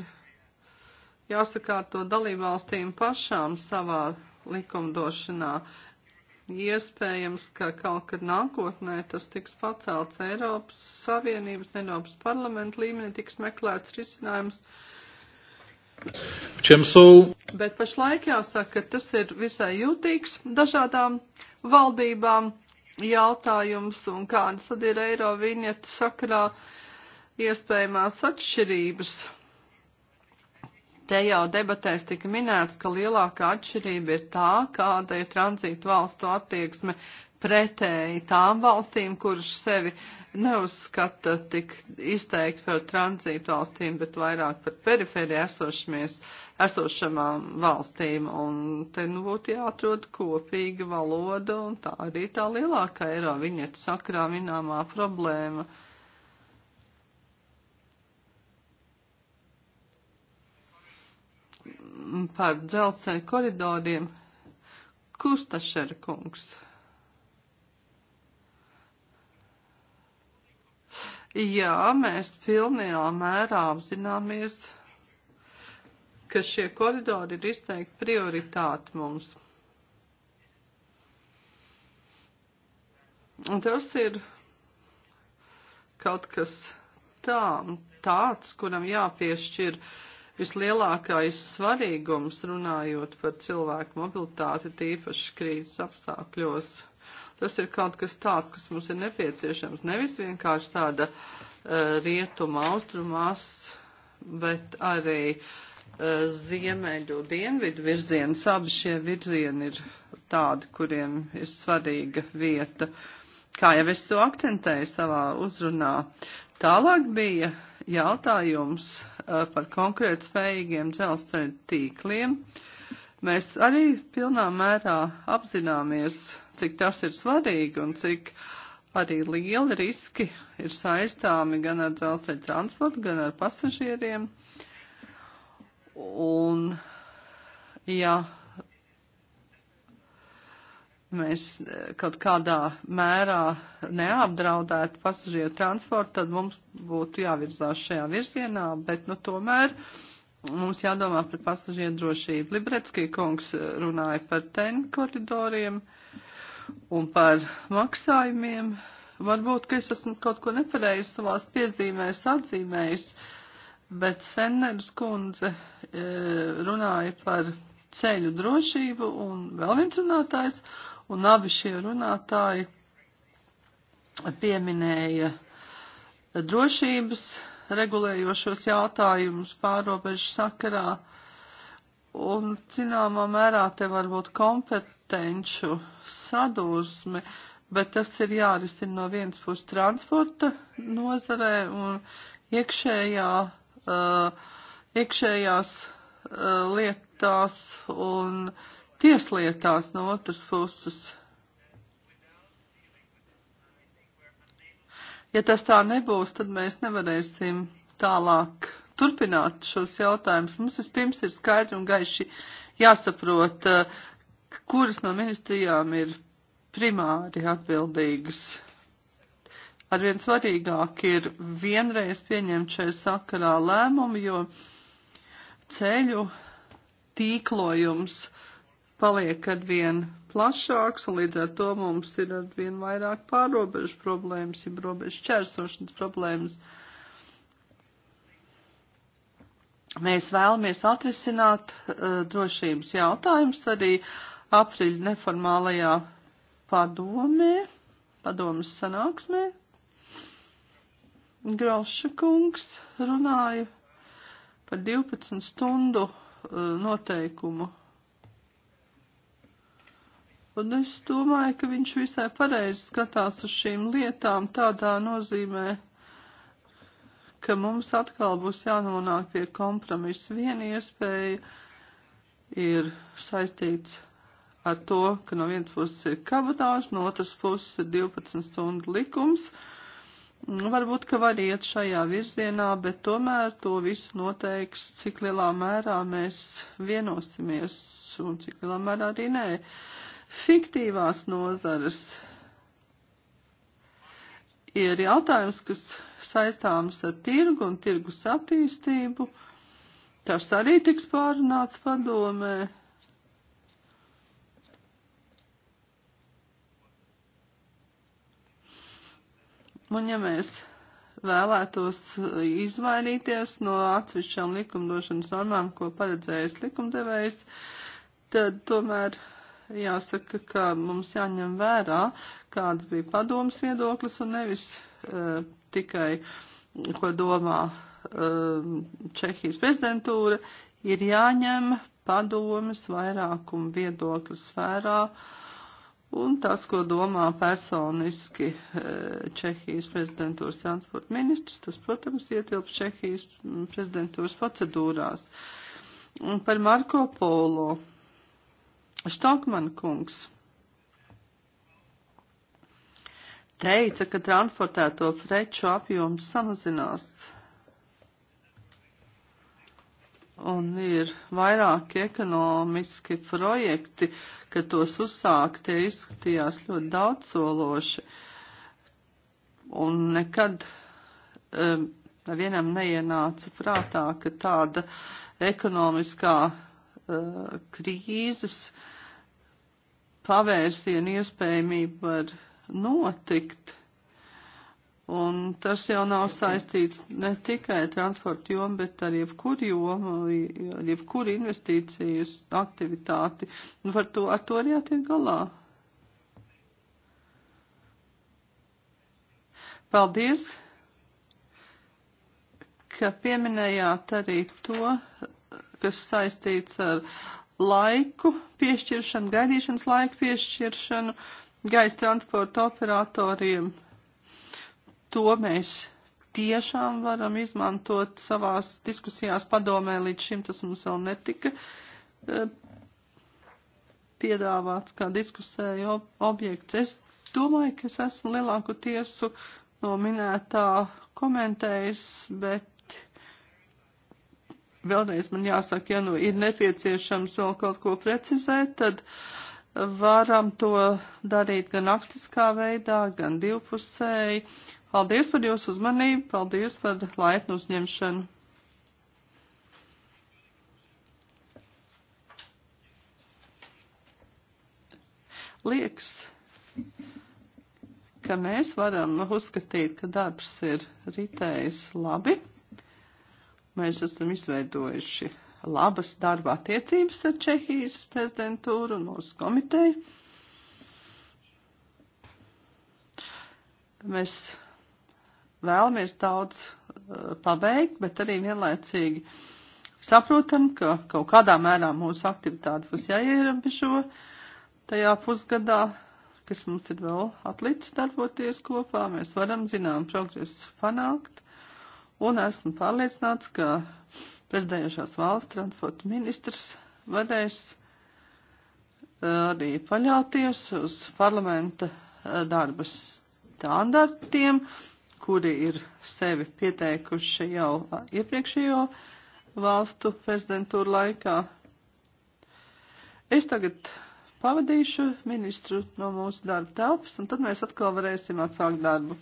jāsakārto dalībvalstīm pašām savā likumdošanā. Iespējams, ka kaut kad nākotnē tas tiks pacelts Eiropas Savienības un Eiropas parlamenta līmenī, tiks meklēts risinājums. So... Bet pašlaik jāsaka, ka tas ir visai jūtīgs dažādām valdībām jautājums un kādas tad ir Eirovīnietas sakarā uh, iespējamās atšķirības. Te jau debatēs tika minēts, ka lielākā atšķirība ir tā, kāda ir tranzītu valstu attieksme pretēji tām valstīm, kuras sevi neuzskata tik izteikti par tranzītu valstīm, bet vairāk par perifēri esošamām valstīm. Un te nu būtu jāatrod kopīga valoda, un tā arī tā lielākā eiro viņiet sakrā minamā problēma. Uh, par dzelzceļa koridoriem Kustašera kungs. Jā, mēs pilnībā mērā apzināmies, ka šie koridori ir izteikti prioritāti mums. Un tas ir kaut kas tā, tāds, kuram jāpiešķir uh, vislielākais svarīgums runājot par cilvēku mobilitāti tīpaši krīzes apstākļos. Tas ir kaut kas tāds, kas mums ir nepieciešams. Nevis vienkārši tāda uh, rietuma austrumās, bet arī uh, ziemeļu dienvidu virziens. Abi šie virzieni ir tādi, kuriem ir svarīga vieta. Kā jau es to akcentēju savā uzrunā, Tālāk bija jautājums uh, par konkrēt spējīgiem dzelzceļa tīkliem. Mēs arī pilnā mērā apzināmies, cik tas ir svarīgi un cik arī lieli riski ir saistāmi gan ar dzelzceļa transportu, gan ar pasažieriem. Un, ja mēs eh, kaut kādā mērā neapdraudētu pasažieru transportu, tad mums būtu jāvirzās šajā virzienā, bet nu tomēr mums jādomā par pasažieru drošību. Libretskī kungs eh, runāja par ten koridoriem un par maksājumiem. Varbūt, ka es esmu kaut ko nepareizi savās piezīmēs atzīmējis, bet Senneris kundze eh, runāja par ceļu drošību un vēl viens runātājs Un abi šie runātāji pieminēja drošības regulējošos jautājumus pārobežu sakarā. Un zināmā mērā te var būt kompetenču sadursme, bet tas ir jārisina no vienas puses transporta nozarē un iekšējā, uh, iekšējās uh, lietās un tieslietās no otras puses. Ja tas tā nebūs, tad mēs nevarēsim tālāk turpināt šos jautājumus. Mums vispirms ir skaidri un gaiši jāsaprot, eh, kuras no ministrijām ir primāri atbildīgas. Arvien svarīgāk ir vienreiz pieņemt šajā sakarā lēmumu, jo ceļu tīklojums uh, paliek arvien plašāks, un līdz ar to mums ir arvien vairāk pārobežu problēmas, ja robežu čērsošanas problēmas. Mēs vēlamies atrisināt uh, drošības jautājumus arī aprīļa neformālajā padomē, padomas sanāksmē. Grauša kungs runāja par 12 stundu uh, noteikumu Un es domāju, ka viņš visai pareizi skatās uz šīm lietām tādā nozīmē, ka mums atkal būs jānonāk pie kompromisa. Viena iespēja ir saistīts ar to, ka no vienas puses ir kabatāžs, no otras puses ir 12 stundu likums. Varbūt, ka var iet šajā virzienā, bet tomēr to visu noteiks, cik lielā mērā mēs vienosimies un cik lielā mērā arī nē. Uh, Fiktīvās nozares ir jautājums, kas saistāms ar tirgu un tirgus attīstību. Tas arī tiks pārunāts padomē. Un ja mēs vēlētos izvairīties no atsevišķām likumdošanas normām, ko paredzējis likumdevējs, tad tomēr jāsaka, ka mums jāņem vērā, kāds bija padomas viedoklis un nevis uh, tikai, ko domā uh, Čehijas prezidentūra, ir jāņem padomas vairākumu viedoklis vērā un tas, ko domā personiski e, Čehijas prezidentūras transporta ministrs, tas, protams, ietilps Čehijas prezidentūras procedūrās. Un par Marko Polo Štokman kungs teica, ka transportēto preču apjoms samazinās un ir vairāki ekonomiski projekti, kad tos uzsākt, tie izskatījās ļoti daudzsološi. Un nekad um, nevienam neienāca prātā, ka tāda ekonomiskā Uh, krīzes pavērsienu iespējamību var notikt. Un tas jau nav saistīts ne tikai transporta jomu, bet ar jebkuru jomu, ar jebkuru investīcijas aktivitāti. Un nu, var to, ar to arī jātiek galā. Paldies, ka pieminējāt arī to, kas saistīts ar laiku piešķiršanu, gaidīšanas laiku piešķiršanu gaisa transporta operatoriem. To mēs tiešām varam izmantot savās diskusijās padomē, līdz šim tas mums vēl netika e, piedāvāts kā diskusēju objekts. Es domāju, ka es esmu lielāku tiesu no minētā komentējis, bet vēlreiz man jāsaka, ja nu ir nepieciešams vēl kaut ko precizēt, tad varam to darīt gan rakstiskā veidā, gan divpusēji. Paldies par jūsu uzmanību, paldies par laipnu uzņemšanu. Liekas, ka mēs varam uzskatīt, ka darbs ir ritējis labi. Mēs esam izveidojuši labas darba attiecības ar Čehijas prezidentūru un mūsu komiteju. Mēs vēlamies daudz eh, paveikt, bet arī vienlaicīgi saprotam, ka kaut kādā mērā mūsu aktivitātes būs jāierobežo tajā pusgadā, kas mums ir vēl atlicis darboties kopā. Mēs varam, zinām, progresu panākt un esmu pārliecināts, ka prezidējušās valsts transporta ministrs varēs eh, arī paļauties uz parlamenta eh, darba standartiem, kuri ir sevi pieteikuši jau iepriekšējo valstu prezidentūru laikā. Es tagad pavadīšu ministru no mūsu darba telpas, un tad mēs atkal varēsim atsākt darbu.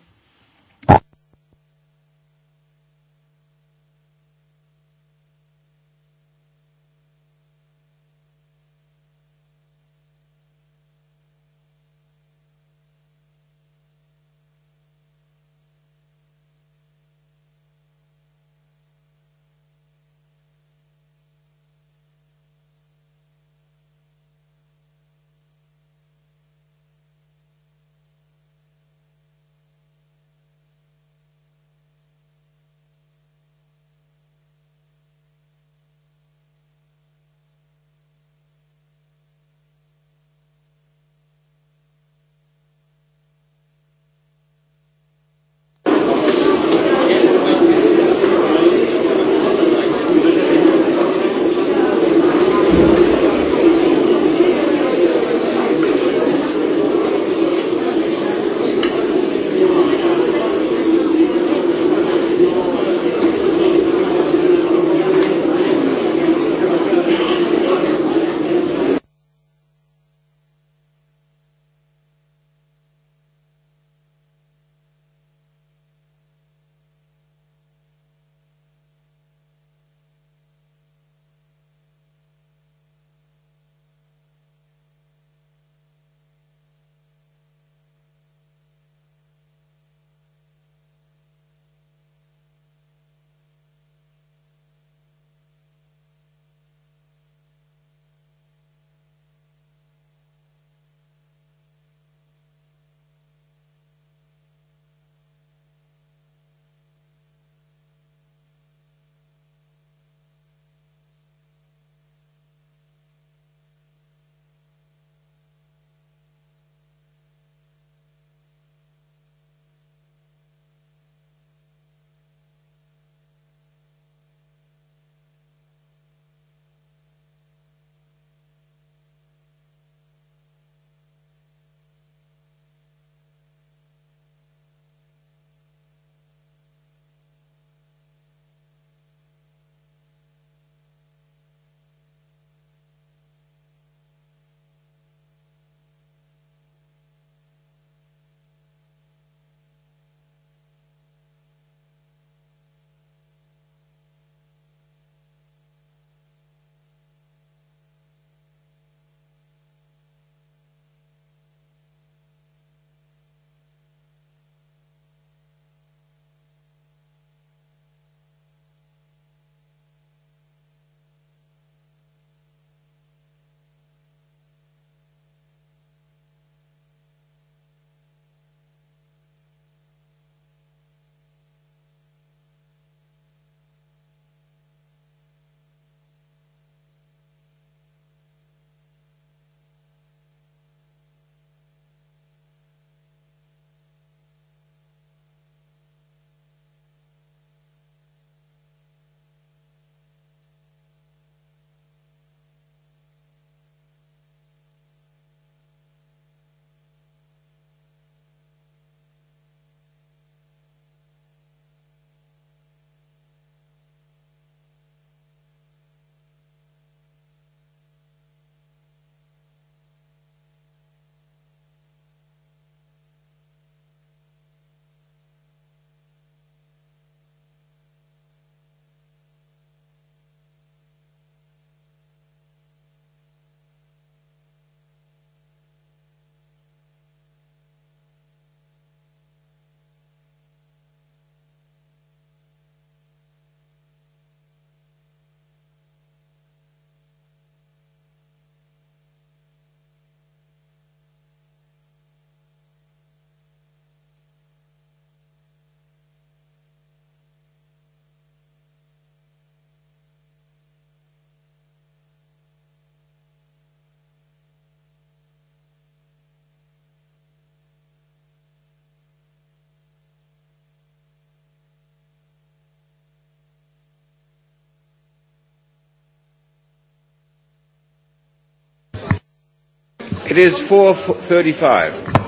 It is 4.35.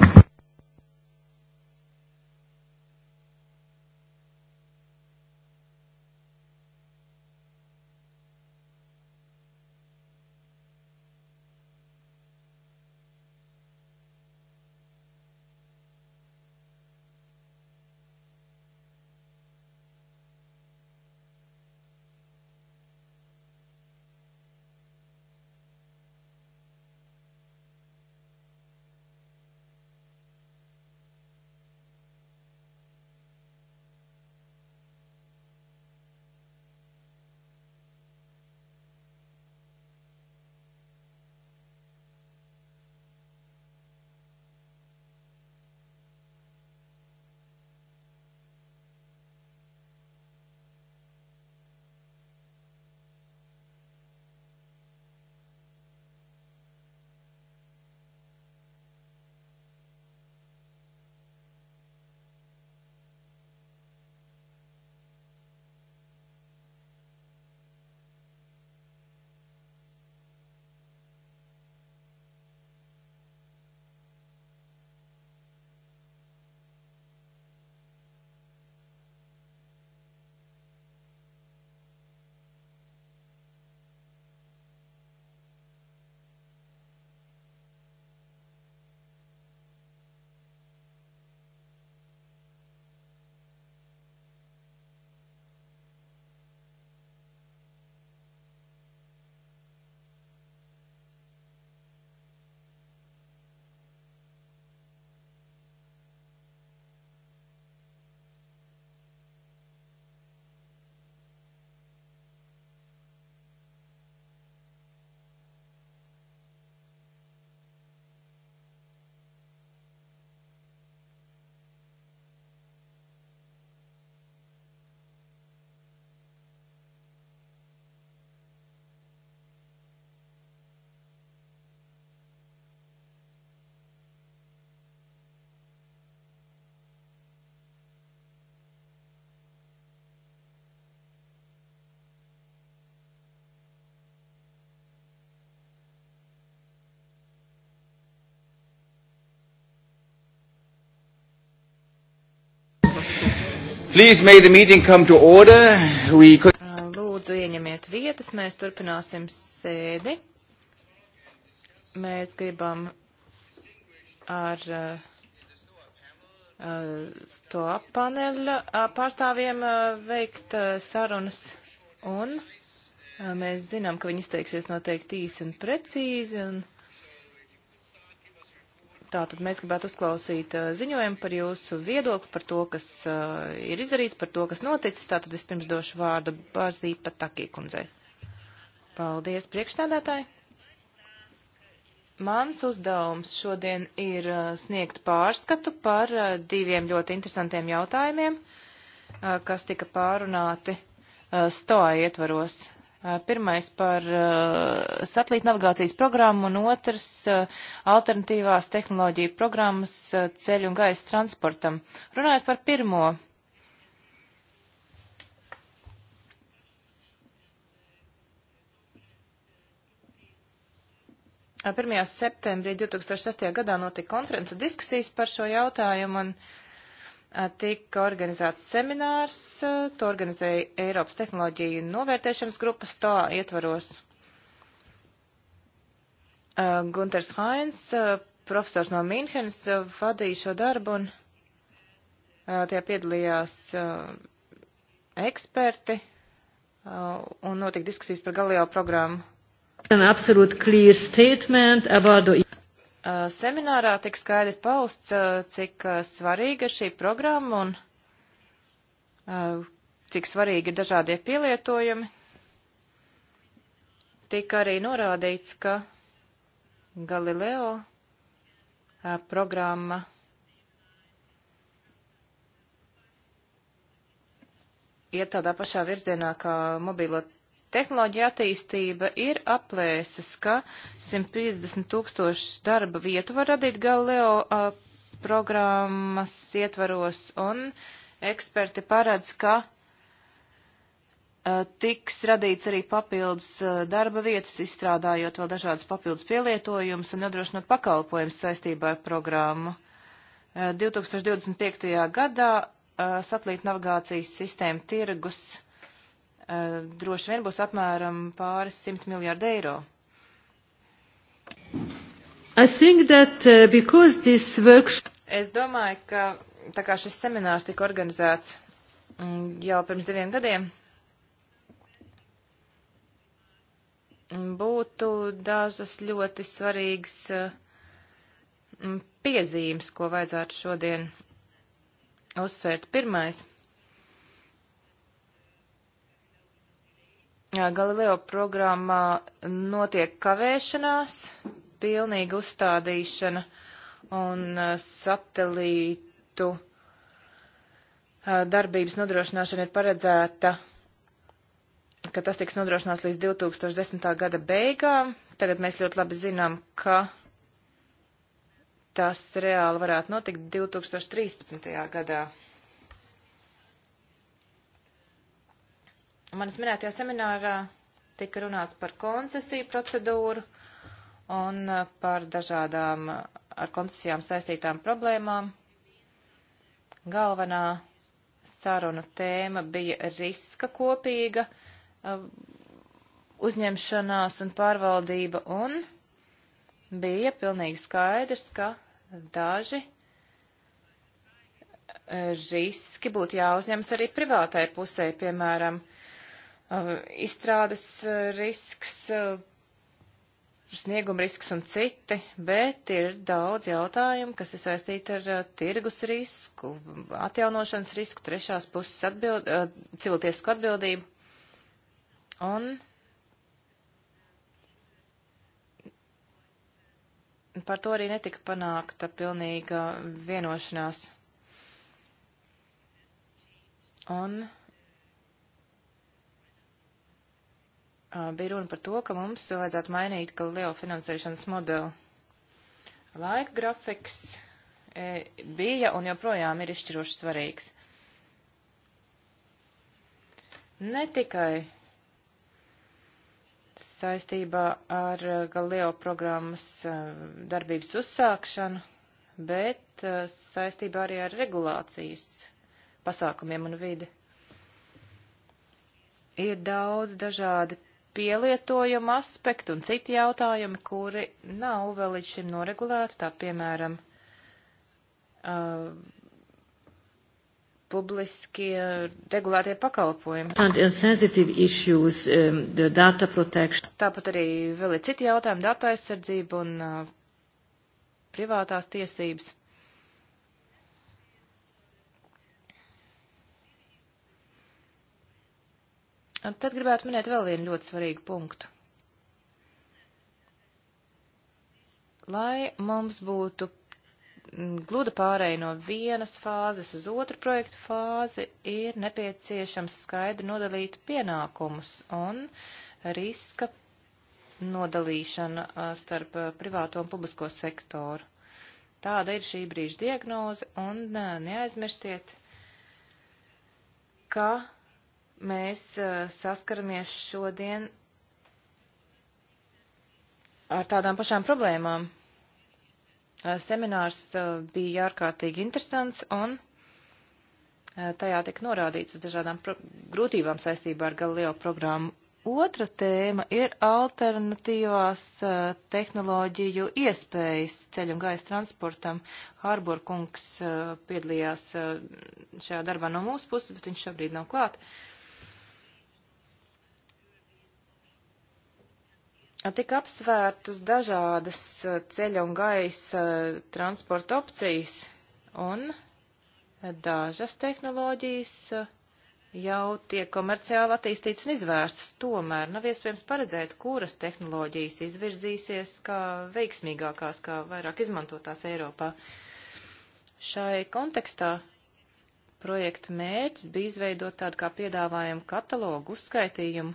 Please may the meeting come to order. We could... Uh, lūdzu, ieņemiet vietas, mēs turpināsim sēdi. Mēs gribam ar uh, uh to paneļa uh, pārstāvjiem uh, veikt uh, sarunas un mēs zinām, ka viņi izteiksies noteikti īsi un precīzi. Un, Tātad mēs gribētu uzklausīt ziņojumu par jūsu viedokli, par to, kas ir izdarīts, par to, kas noticis. Tātad vispirms došu vārdu Bārzī Patakī kundzei. Paldies, priekšstādātāji! Mans uzdevums šodien ir sniegt pārskatu par diviem ļoti interesantiem jautājumiem, kas tika pārunāti stoā ietvaros Eh, pirmais par eh, satelīta navigācijas programmu un otrs eh, alternatīvās tehnoloģiju programmas ceļu un gaisa transportam. Runājot par pirmo. Pirmajā septembrī 2006. gadā notika konferences diskusijas par šo jautājumu un uh, tika organizēts seminārs, to organizēja Eiropas tehnoloģiju novērtēšanas grupas, tā ietvaros Gunters Hains, profesors no Mīnhenes, vadīja šo darbu un tajā piedalījās eksperti un notika diskusijas par galējo programmu. An absolute clear statement about the seminārā tik skaidri pausts, cik svarīga ir šī programma un cik svarīgi ir dažādie pielietojumi. Tika arī norādīts, ka Galileo programma iet tādā pašā virzienā kā mobilo Tehnoloģija attīstība ir aplēses, ka 150 tūkstoši darba vietu var radīt Galileo uh, programmas ietvaros, un eksperti paredz, ka uh, tiks radīts arī papildus uh, darba vietas, izstrādājot vēl dažādas papildus pielietojumus un nodrošinot pakalpojumus saistībā ar programmu. 2025. gadā satelīta navigācijas sistēma tirgus Eh, droši vien būs apmēram pāris simt miljārdu eiro. Eh, workshop... Es domāju, ka tā kā šis seminārs tika organizēts mm, jau pirms diviem gadiem, mm, būtu dažas ļoti svarīgas eh, mm, piezīmes, ko vajadzētu šodien uzsvērt. Pirmais – Galileo programmā notiek kavēšanās, pilnīga uzstādīšana un satelītu darbības nodrošināšana ir paredzēta, ka tas tiks nodrošināts līdz 2010. gada beigām. Tagad mēs ļoti labi zinām, ka tas reāli varētu notikt 2013. gadā. Manas minētajā seminārā tika runāts par koncesiju procedūru un uh, par dažādām uh, ar koncesijām saistītām problēmām. Galvenā saruna tēma bija riska kopīga uh, uzņemšanās un pārvaldība, un bija pilnīgi skaidrs, ka daži riski būtu jāuzņemas arī privātai pusē, piemēram, uh, Uh, izstrādes uh, risks, uh, snieguma risks un citi, bet ir daudz jautājumu, kas ir saistīti ar tirgus risku, atjaunošanas risku, trešās puses atbild, civiltiesku atbildību. Un par to arī netika panākta pilnīga vienošanās. Un bija runa par to, ka mums vajadzētu mainīt Galileo finansēšanas modeli. Laika grafiks e, bija un joprojām ir izšķiroši svarīgs. Ne tikai saistībā ar e, Galileo programmas e, darbības uzsākšanu, bet saistībā arī ar regulācijas pasākumiem un vidi. Ir daudz dažādi pielietojuma aspekti un citi jautājumi, kuri nav vēl līdz šim noregulēti, tā piemēram, uh, publiski regulētie pakalpojumi. Issues, um, Tāpat arī vēl ir citi jautājumi - datu aizsardzība un uh, privātās tiesības. Tad gribētu minēt vēl vienu ļoti svarīgu punktu. Lai mums būtu gluda pārēja no vienas fāzes uz otru projektu fāzi, ir nepieciešams skaidri nodalīt pienākumus un riska nodalīšana starp privāto un publisko sektoru. Tāda ir šī brīža diagnoze, un neaizmirstiet, ka mēs uh, saskaramies šodien ar tādām pašām problēmām. Uh, seminārs uh, bija ārkārtīgi interesants un uh, tajā tika norādīts uz dažādām grūtībām saistībā ar Galileo programmu. Otra tēma ir alternatīvās uh, tehnoloģiju iespējas ceļu un gaisa transportam. Hārbor kungs uh, piedalījās šajā darbā no mūsu puses, bet viņš šobrīd nav klāt. Uh, Tik apsvērtas dažādas e, ceļa un gaisa e, transporta opcijas, un dažas tehnoloģijas e, jau tiek komerciāli attīstītas un izvērstas. Tomēr nav iespējams paredzēt, kuras tehnoloģijas izvirzīsies kā veiksmīgākās, kā vairāk izmantotās Eiropā. Šai kontekstā projekta mērķis bija izveidot tādu kā piedāvājumu katalogu uzskaitījumu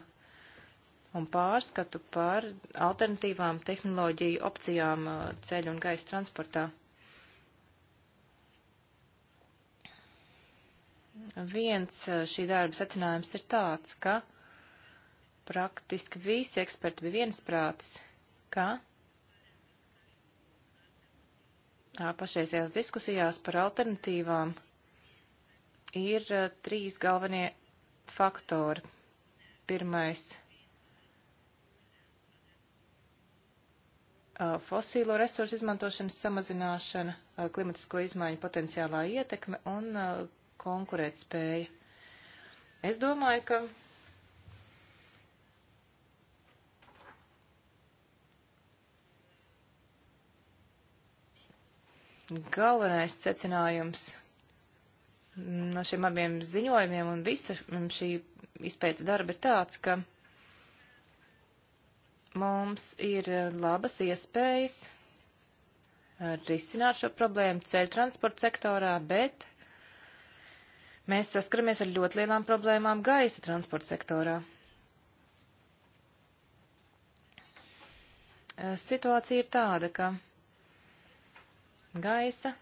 un pārskatu par alternatīvām tehnoloģiju opcijām uh, ceļu un gaisa transportā. Viens uh, šī darba secinājums ir tāds, ka praktiski visi eksperti bija viensprātis, ka pašreizējās diskusijās par alternatīvām ir uh, trīs galvenie faktori. Pirmais Uh, fosīlo resursu izmantošanas samazināšana, uh, klimatisko izmaiņu potenciālā ietekme un uh, konkurētspēja. Es domāju, ka galvenais secinājums no šiem abiem ziņojumiem un visa šī izpētes darba ir tāds, ka mums ir eh, labas iespējas eh, risināt šo problēmu ceļu transporta sektorā, bet mēs saskaramies ar ļoti lielām problēmām gaisa transporta sektorā. Eh, situācija ir tāda, ka gaisa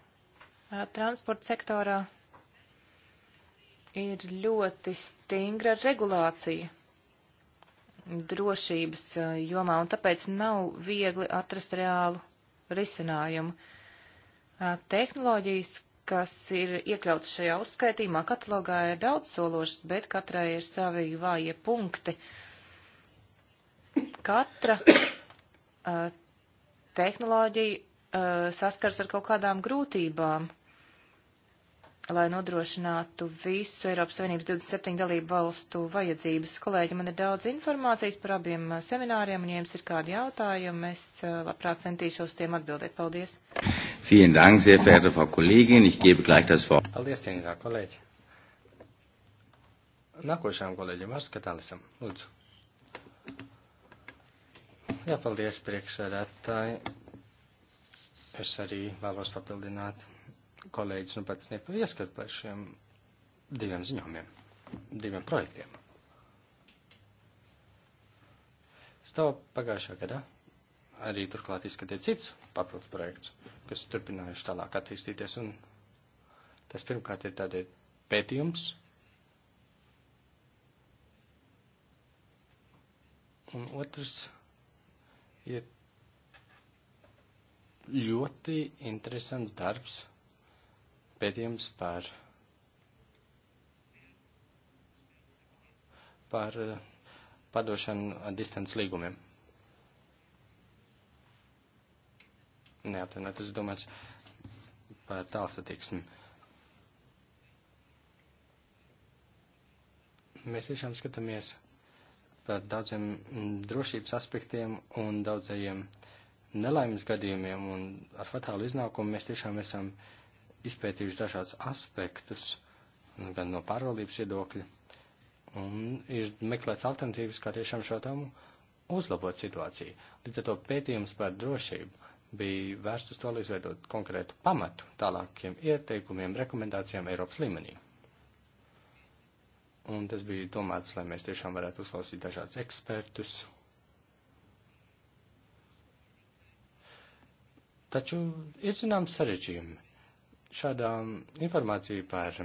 transporta sektorā ir ļoti stingra regulācija drošības eh, jomā, un tāpēc nav viegli atrast reālu risinājumu. Eh, tehnoloģijas, kas ir iekļautas šajā uzskaitījumā, katalogā ir daudz sološas, bet katrai ir savi vājie punkti. Katra eh, tehnoloģija saskars ar kaut kādām grūtībām lai nodrošinātu visu Eiropas Savienības 27 dalību valstu vajadzības. Kolēģi, man ir daudz informācijas par abiem uh, semināriem, un ja jums ir kādi jautājumi, es uh, labprāt centīšos tiem atbildēt. Paldies! Vielen Dank, sehr verehrte Frau Kollegin. Ich gebe gleich das Wort. Paldies, cienītā kolēģi. Nākošajam kolēģim vārds Katālisam. Lūdzu. Jā, paldies, priekšsēdētāji. Es arī vēlos papildināt kolēģis nu pēc sniegtu ieskatu par šiem diviem ziņojumiem, diviem projektiem. Stāv pagājušā gadā arī turklāt izskatīja cits papildus projekts, kas turpinājuši tālāk attīstīties, un tas pirmkārt ir tādēļ pētījums. Un otrs ir ļoti interesants darbs pētījums par, par eh, padošanu distance līgumiem. Neatvienot, tas domāts par tālsatiksmi. Mēs tiešām skatāmies par daudziem drošības aspektiem un daudzajiem nelaimes gadījumiem un ar fatālu iznākumu mēs tiešām esam uh, izpētījuši dažādus aspektus, gan no pārvaldības viedokļa, un ir meklēts alternatīvas, kā tiešām šo tam uzlabot situāciju. Līdz ar to pētījums par drošību bija vērsts uz to, lai izveidot konkrētu pamatu tālākiem ieteikumiem, rekomendācijām Eiropas līmenī. Un tas bija domāts, lai mēs tiešām varētu uzklausīt dažādus ekspertus. Taču ir zināms sarežģījumi šādā informācija par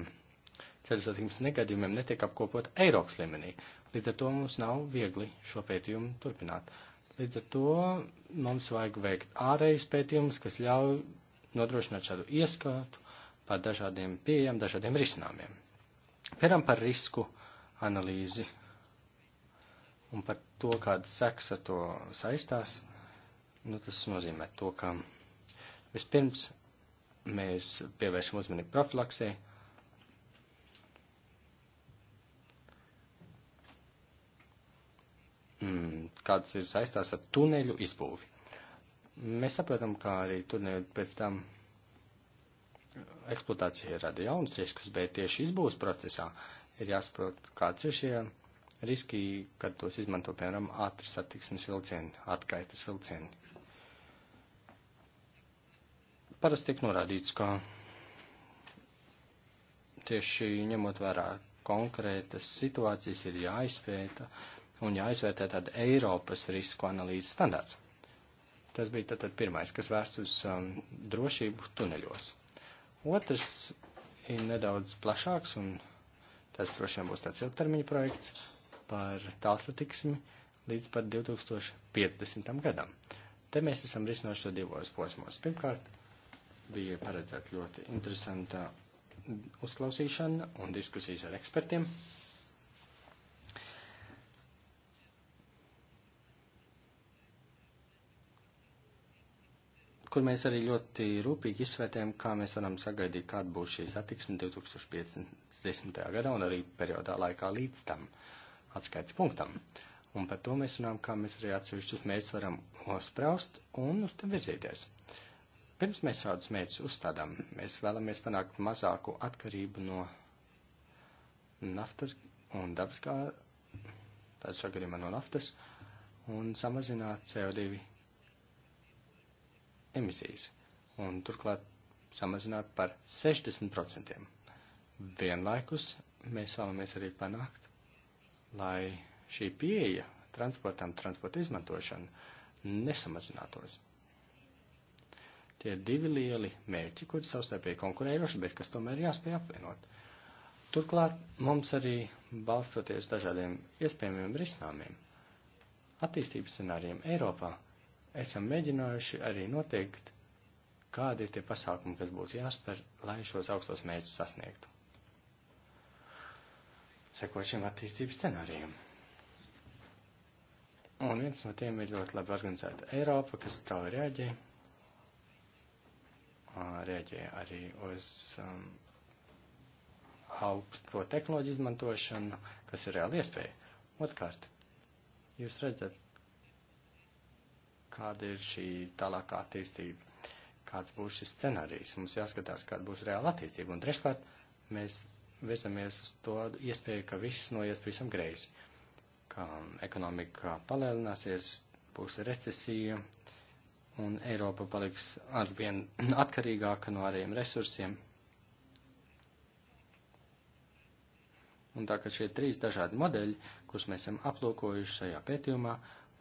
ceļu satiksmes negadījumiem netiek apkopot Eiropas līmenī. Līdz ar to mums nav viegli šo pētījumu turpināt. Līdz ar to mums vajag veikt ārējus pētījumus, kas ļauj nodrošināt šādu ieskatu par dažādiem pieejam, dažādiem risinājumiem. Piemēram, par risku analīzi un par to, kāda seks ar to saistās. Nu, tas nozīmē to, ka vispirms mēs pievēršam uzmanību profilaksē. Mm, kāds ir saistās ar tuneļu izbūvi? Mēs saprotam, ka arī tuneļi pēc tam eh, eksploatācija rada jaunus riskus, bet tieši izbūves procesā ir jāsaprot, kāds ir šie riski, kad tos izmanto, piemēram, ātri satiksmes vilcieni, atgaitas vilcieni. Parasti tiek norādīts, ka tieši ņemot vērā konkrētas situācijas ir jāizpēta un jāizvērtē tāda Eiropas risku analīzes standārts. Tas bija tad, tad pirmais, kas vērsts uz um, drošību tuneļos. Otrs ir nedaudz plašāks, un tas droši vien būs tāds ilgtermiņa projekts par tālsatiksmi līdz pat 2050. gadam. Te mēs esam risinoši to divos posmos. Pirmkārt, bija paredzēta ļoti interesanta uzklausīšana un diskusijas ar ekspertiem. kur mēs arī ļoti rūpīgi izsvērtējam, kā mēs varam sagaidīt, kāda būs šī satiksme 2050. gadā un arī periodā laikā līdz tam atskaits punktam. Un par to mēs runājam, kā mēs arī atsevišķus mērķus varam nospraust un uz tam virzīties. Uh, Pirms mēs šādus mērķus uzstādām, mēs vēlamies panākt mazāku atkarību no naftas un dabas kā tāds sagarījumā no naftas un samazināt CO2 emisijas. Un turklāt samazināt par 60%. Vienlaikus mēs vēlamies arī panākt, lai šī pieeja transportam, transporta izmantošana nesamazinātos. Tie ir divi lieli mērķi, kuri savstarpēji konkurējoši, bet kas tomēr jāspēj apvienot. Turklāt mums arī balstoties dažādiem iespējamiem risinājumiem, attīstības scenārijiem Eiropā, esam mēģinājuši arī noteikt, kādi ir tie pasākumi, kas būtu jāspēr, lai šos augstos mērķus sasniegtu. Sekot šiem attīstības scenārijiem. Un viens no tiem ir ļoti labi organizēta Eiropa, kas strauji reaģēja reaģē arī uz um, augsto tehnoloģiju izmantošanu, kas ir reāli iespēja. Otkārt, jūs redzat, kāda ir šī tālākā attīstība, kāds būs šis scenārijs. Mums jāskatās, kāda būs reāla attīstība. Un treškārt, mēs virzamies uz to iespēju, ka viss noies pavisam greizi, ka ekonomika palielināsies, būs recesija, un Eiropa paliks arvien atkarīgāka no ārējiem resursiem. Un tā kā šie trīs dažādi modeļi, kurus mēs esam aplūkojuši šajā pētījumā,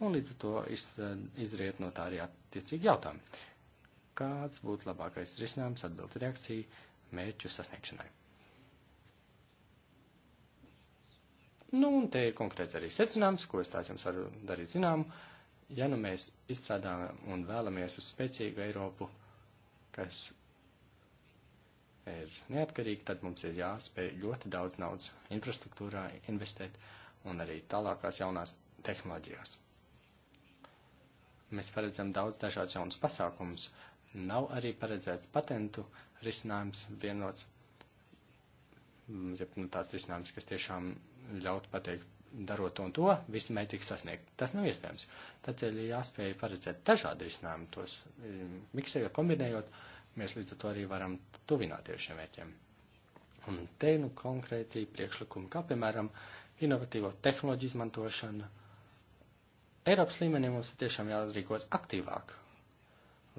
un līdz ar to iz, izriet no tā arī attiecīgi jautājumi. Kāds būtu labākais risinājums atbildi reakcija mērķu sasniegšanai? Nu, un te ir konkrēts arī secinājums, ko es tā jums varu darīt zināmu. Uh, ja nu mēs izstrādājam un vēlamies uz spēcīgu Eiropu, kas ir neatkarīga, tad mums ir jāspēj ļoti daudz naudas infrastruktūrā investēt un arī tālākās jaunās tehnoloģijās. Mēs paredzam daudz dažādus jaunus pasākumus. Nav arī paredzēts patentu risinājums vienots, mm, ja nu, tāds risinājums, kas tiešām ļaut pateikt darot to un to, visi mērķi tiks sasniegt. Tas nav iespējams. Tādēļ ir jāspēj paredzēt dažādi risinājumi, tos um, miksējot, kombinējot, mēs līdz ar to arī varam tuvināties šiem mērķiem. Un te nu konkrēti priekšlikumi, kā piemēram, inovatīvo tehnoloģiju izmantošana. Eiropas līmenī mums tiešām jārīkos aktīvāk,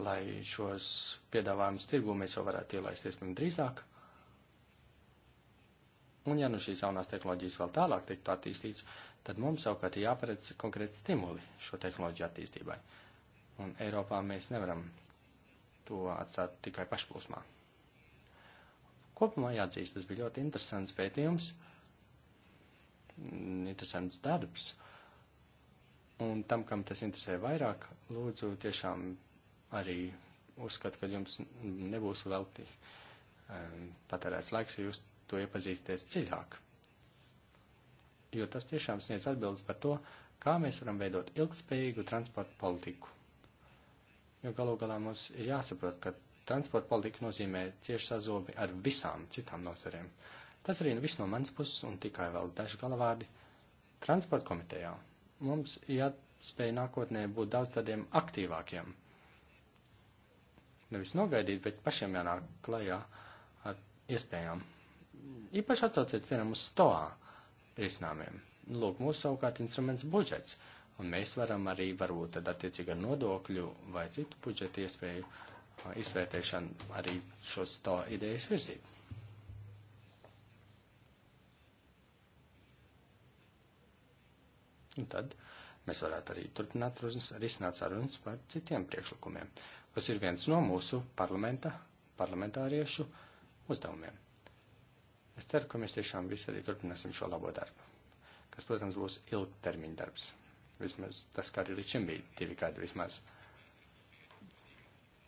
lai šos piedāvājumus tirgū mēs jau varētu ielaist iespējami drīzāk Un ja nu šīs jaunās tehnoloģijas vēl tālāk tiktu attīstīts, tad mums savukārt jāparedz konkrēti stimuli šo tehnoloģiju attīstībai. Un Eiropā mēs nevaram to atstāt tikai pašplūsmā. Kopumā jāatzīst, tas bija ļoti interesants pētījums, interesants darbs. Un tam, kam tas interesē vairāk, lūdzu tiešām arī uzskatu, ka jums nebūs velti um, patērēts laiks, ja jūs to iepazīties dziļāk. Jo tas tiešām sniedz atbildes par to, kā mēs varam veidot ilgspējīgu transporta politiku. Jo galu galā mums ir jāsaprot, ka transporta politika nozīmē cieši sazobi ar visām citām nozarēm. Tas arī nu viss no manas puses un tikai vēl daži galavārdi. Transporta komitejā mums jāspēj nākotnē būt daudz tādiem aktīvākiem. Nevis nogaidīt, bet pašiem jānāk klajā ar iespējām īpaši atsauciet vienam uz stoā risinājumiem. Lūk, mūsu savukārt instruments budžets, un mēs varam arī varbūt tad attiecīgi ar nodokļu vai citu budžeta iespēju izvērtēšanu arī šos to idejas virzīt. Un tad mēs varētu arī turpināt risināt sarunas par citiem priekšlikumiem, kas ir viens no mūsu parlamenta, parlamentāriešu uzdevumiem. Es ceru, ka mēs tiešām visi arī turpināsim šo labo darbu, kas, protams, būs ilgtermiņa darbs. Vismaz tas, kā arī līdz šim bija divi gadi vismaz.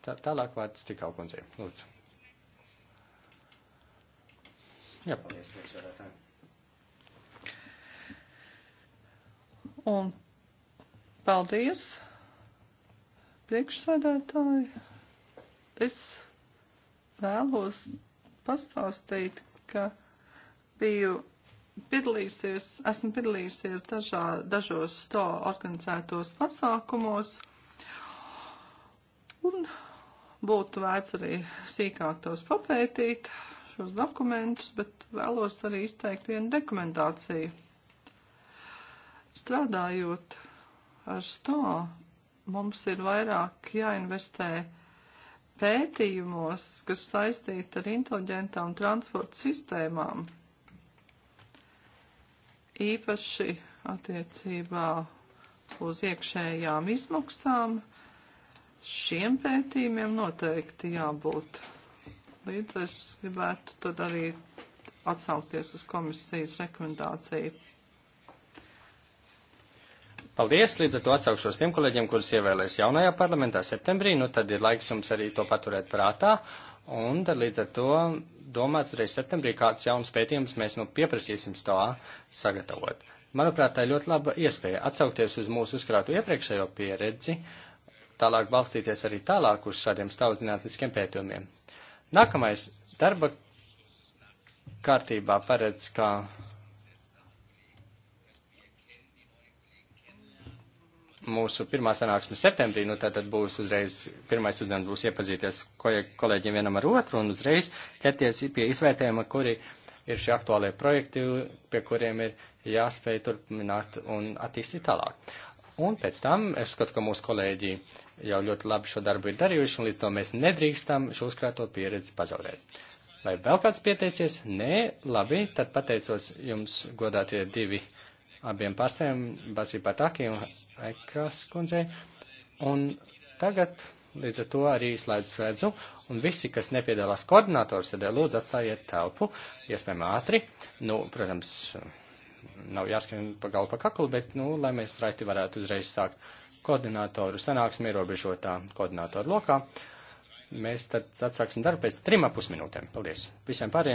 Tā, tālāk vārds tikā kundzei. Lūdzu. Jā. Paldies, priekšsēdētāji. Un paldies, priekšsēdētāji. Es vēlos pastāstīt, ka biju piedalīsies, esmu piedalīsies dažā, dažos to organizētos pasākumos, un būtu vērts arī sīkāk tos papētīt, šos dokumentus, bet vēlos arī izteikt vienu rekomendāciju. Strādājot ar to, mums ir vairāk jāinvestē pētījumos, kas saistīti ar intelģentām transporta sistēmām, īpaši attiecībā uz iekšējām izmaksām, šiem pētījumiem noteikti jābūt. Līdz es gribētu tad arī atsaukties uz komisijas rekomendāciju Paldies, līdz ar to atsaukšos tiem kolēģiem, kurus ievēlēs jaunajā parlamentā septembrī, nu tad ir laiks jums arī to paturēt prātā, un tad līdz ar to domāts arī septembrī kāds jauns pētījums mēs nu pieprasīsim to sagatavot. Manuprāt, tā ir ļoti laba iespēja atsaukties uz mūsu uzkrātu iepriekšējo pieredzi, tālāk balstīties arī tālāk uz šādiem stāvzinātniskiem pētījumiem. Nākamais darba kārtībā paredz, ka mūsu pirmā sanāksme septembrī, nu tātad būs uzreiz, pirmais uzdevums būs iepazīties kolēģiem vienam ar otru un uzreiz ķerties pie izvērtējuma, kuri ir šie aktuālie projekti, pie kuriem ir jāspēj turpināt un attīstīt tālāk. Un pēc tam es skatu, ka mūsu kolēģi jau ļoti labi šo darbu ir darījuši, un līdz to mēs nedrīkstam šo uzkrāto pieredzi pazaudēt. Vai vēl kāds pieteicies? Nē, labi, tad pateicos jums godātie divi abiem pārstāvjiem, Basī Pataki un Ekas kundzei. Un tagad līdz ar to arī slēdzu slēdzu, un visi, kas nepiedalās koordinātors, tad eh, lūdzu atstājiet telpu, iespējami ātri. Nu, protams, nav jāskan pa galu pa kaklu, bet, nu, lai mēs raiti varētu uzreiz sākt koordinātoru sanāksmi ierobežotā koordinātoru lokā. Mēs tad atsāksim darbu pēc trim apus minūtēm. Paldies. Visiem pārējiem.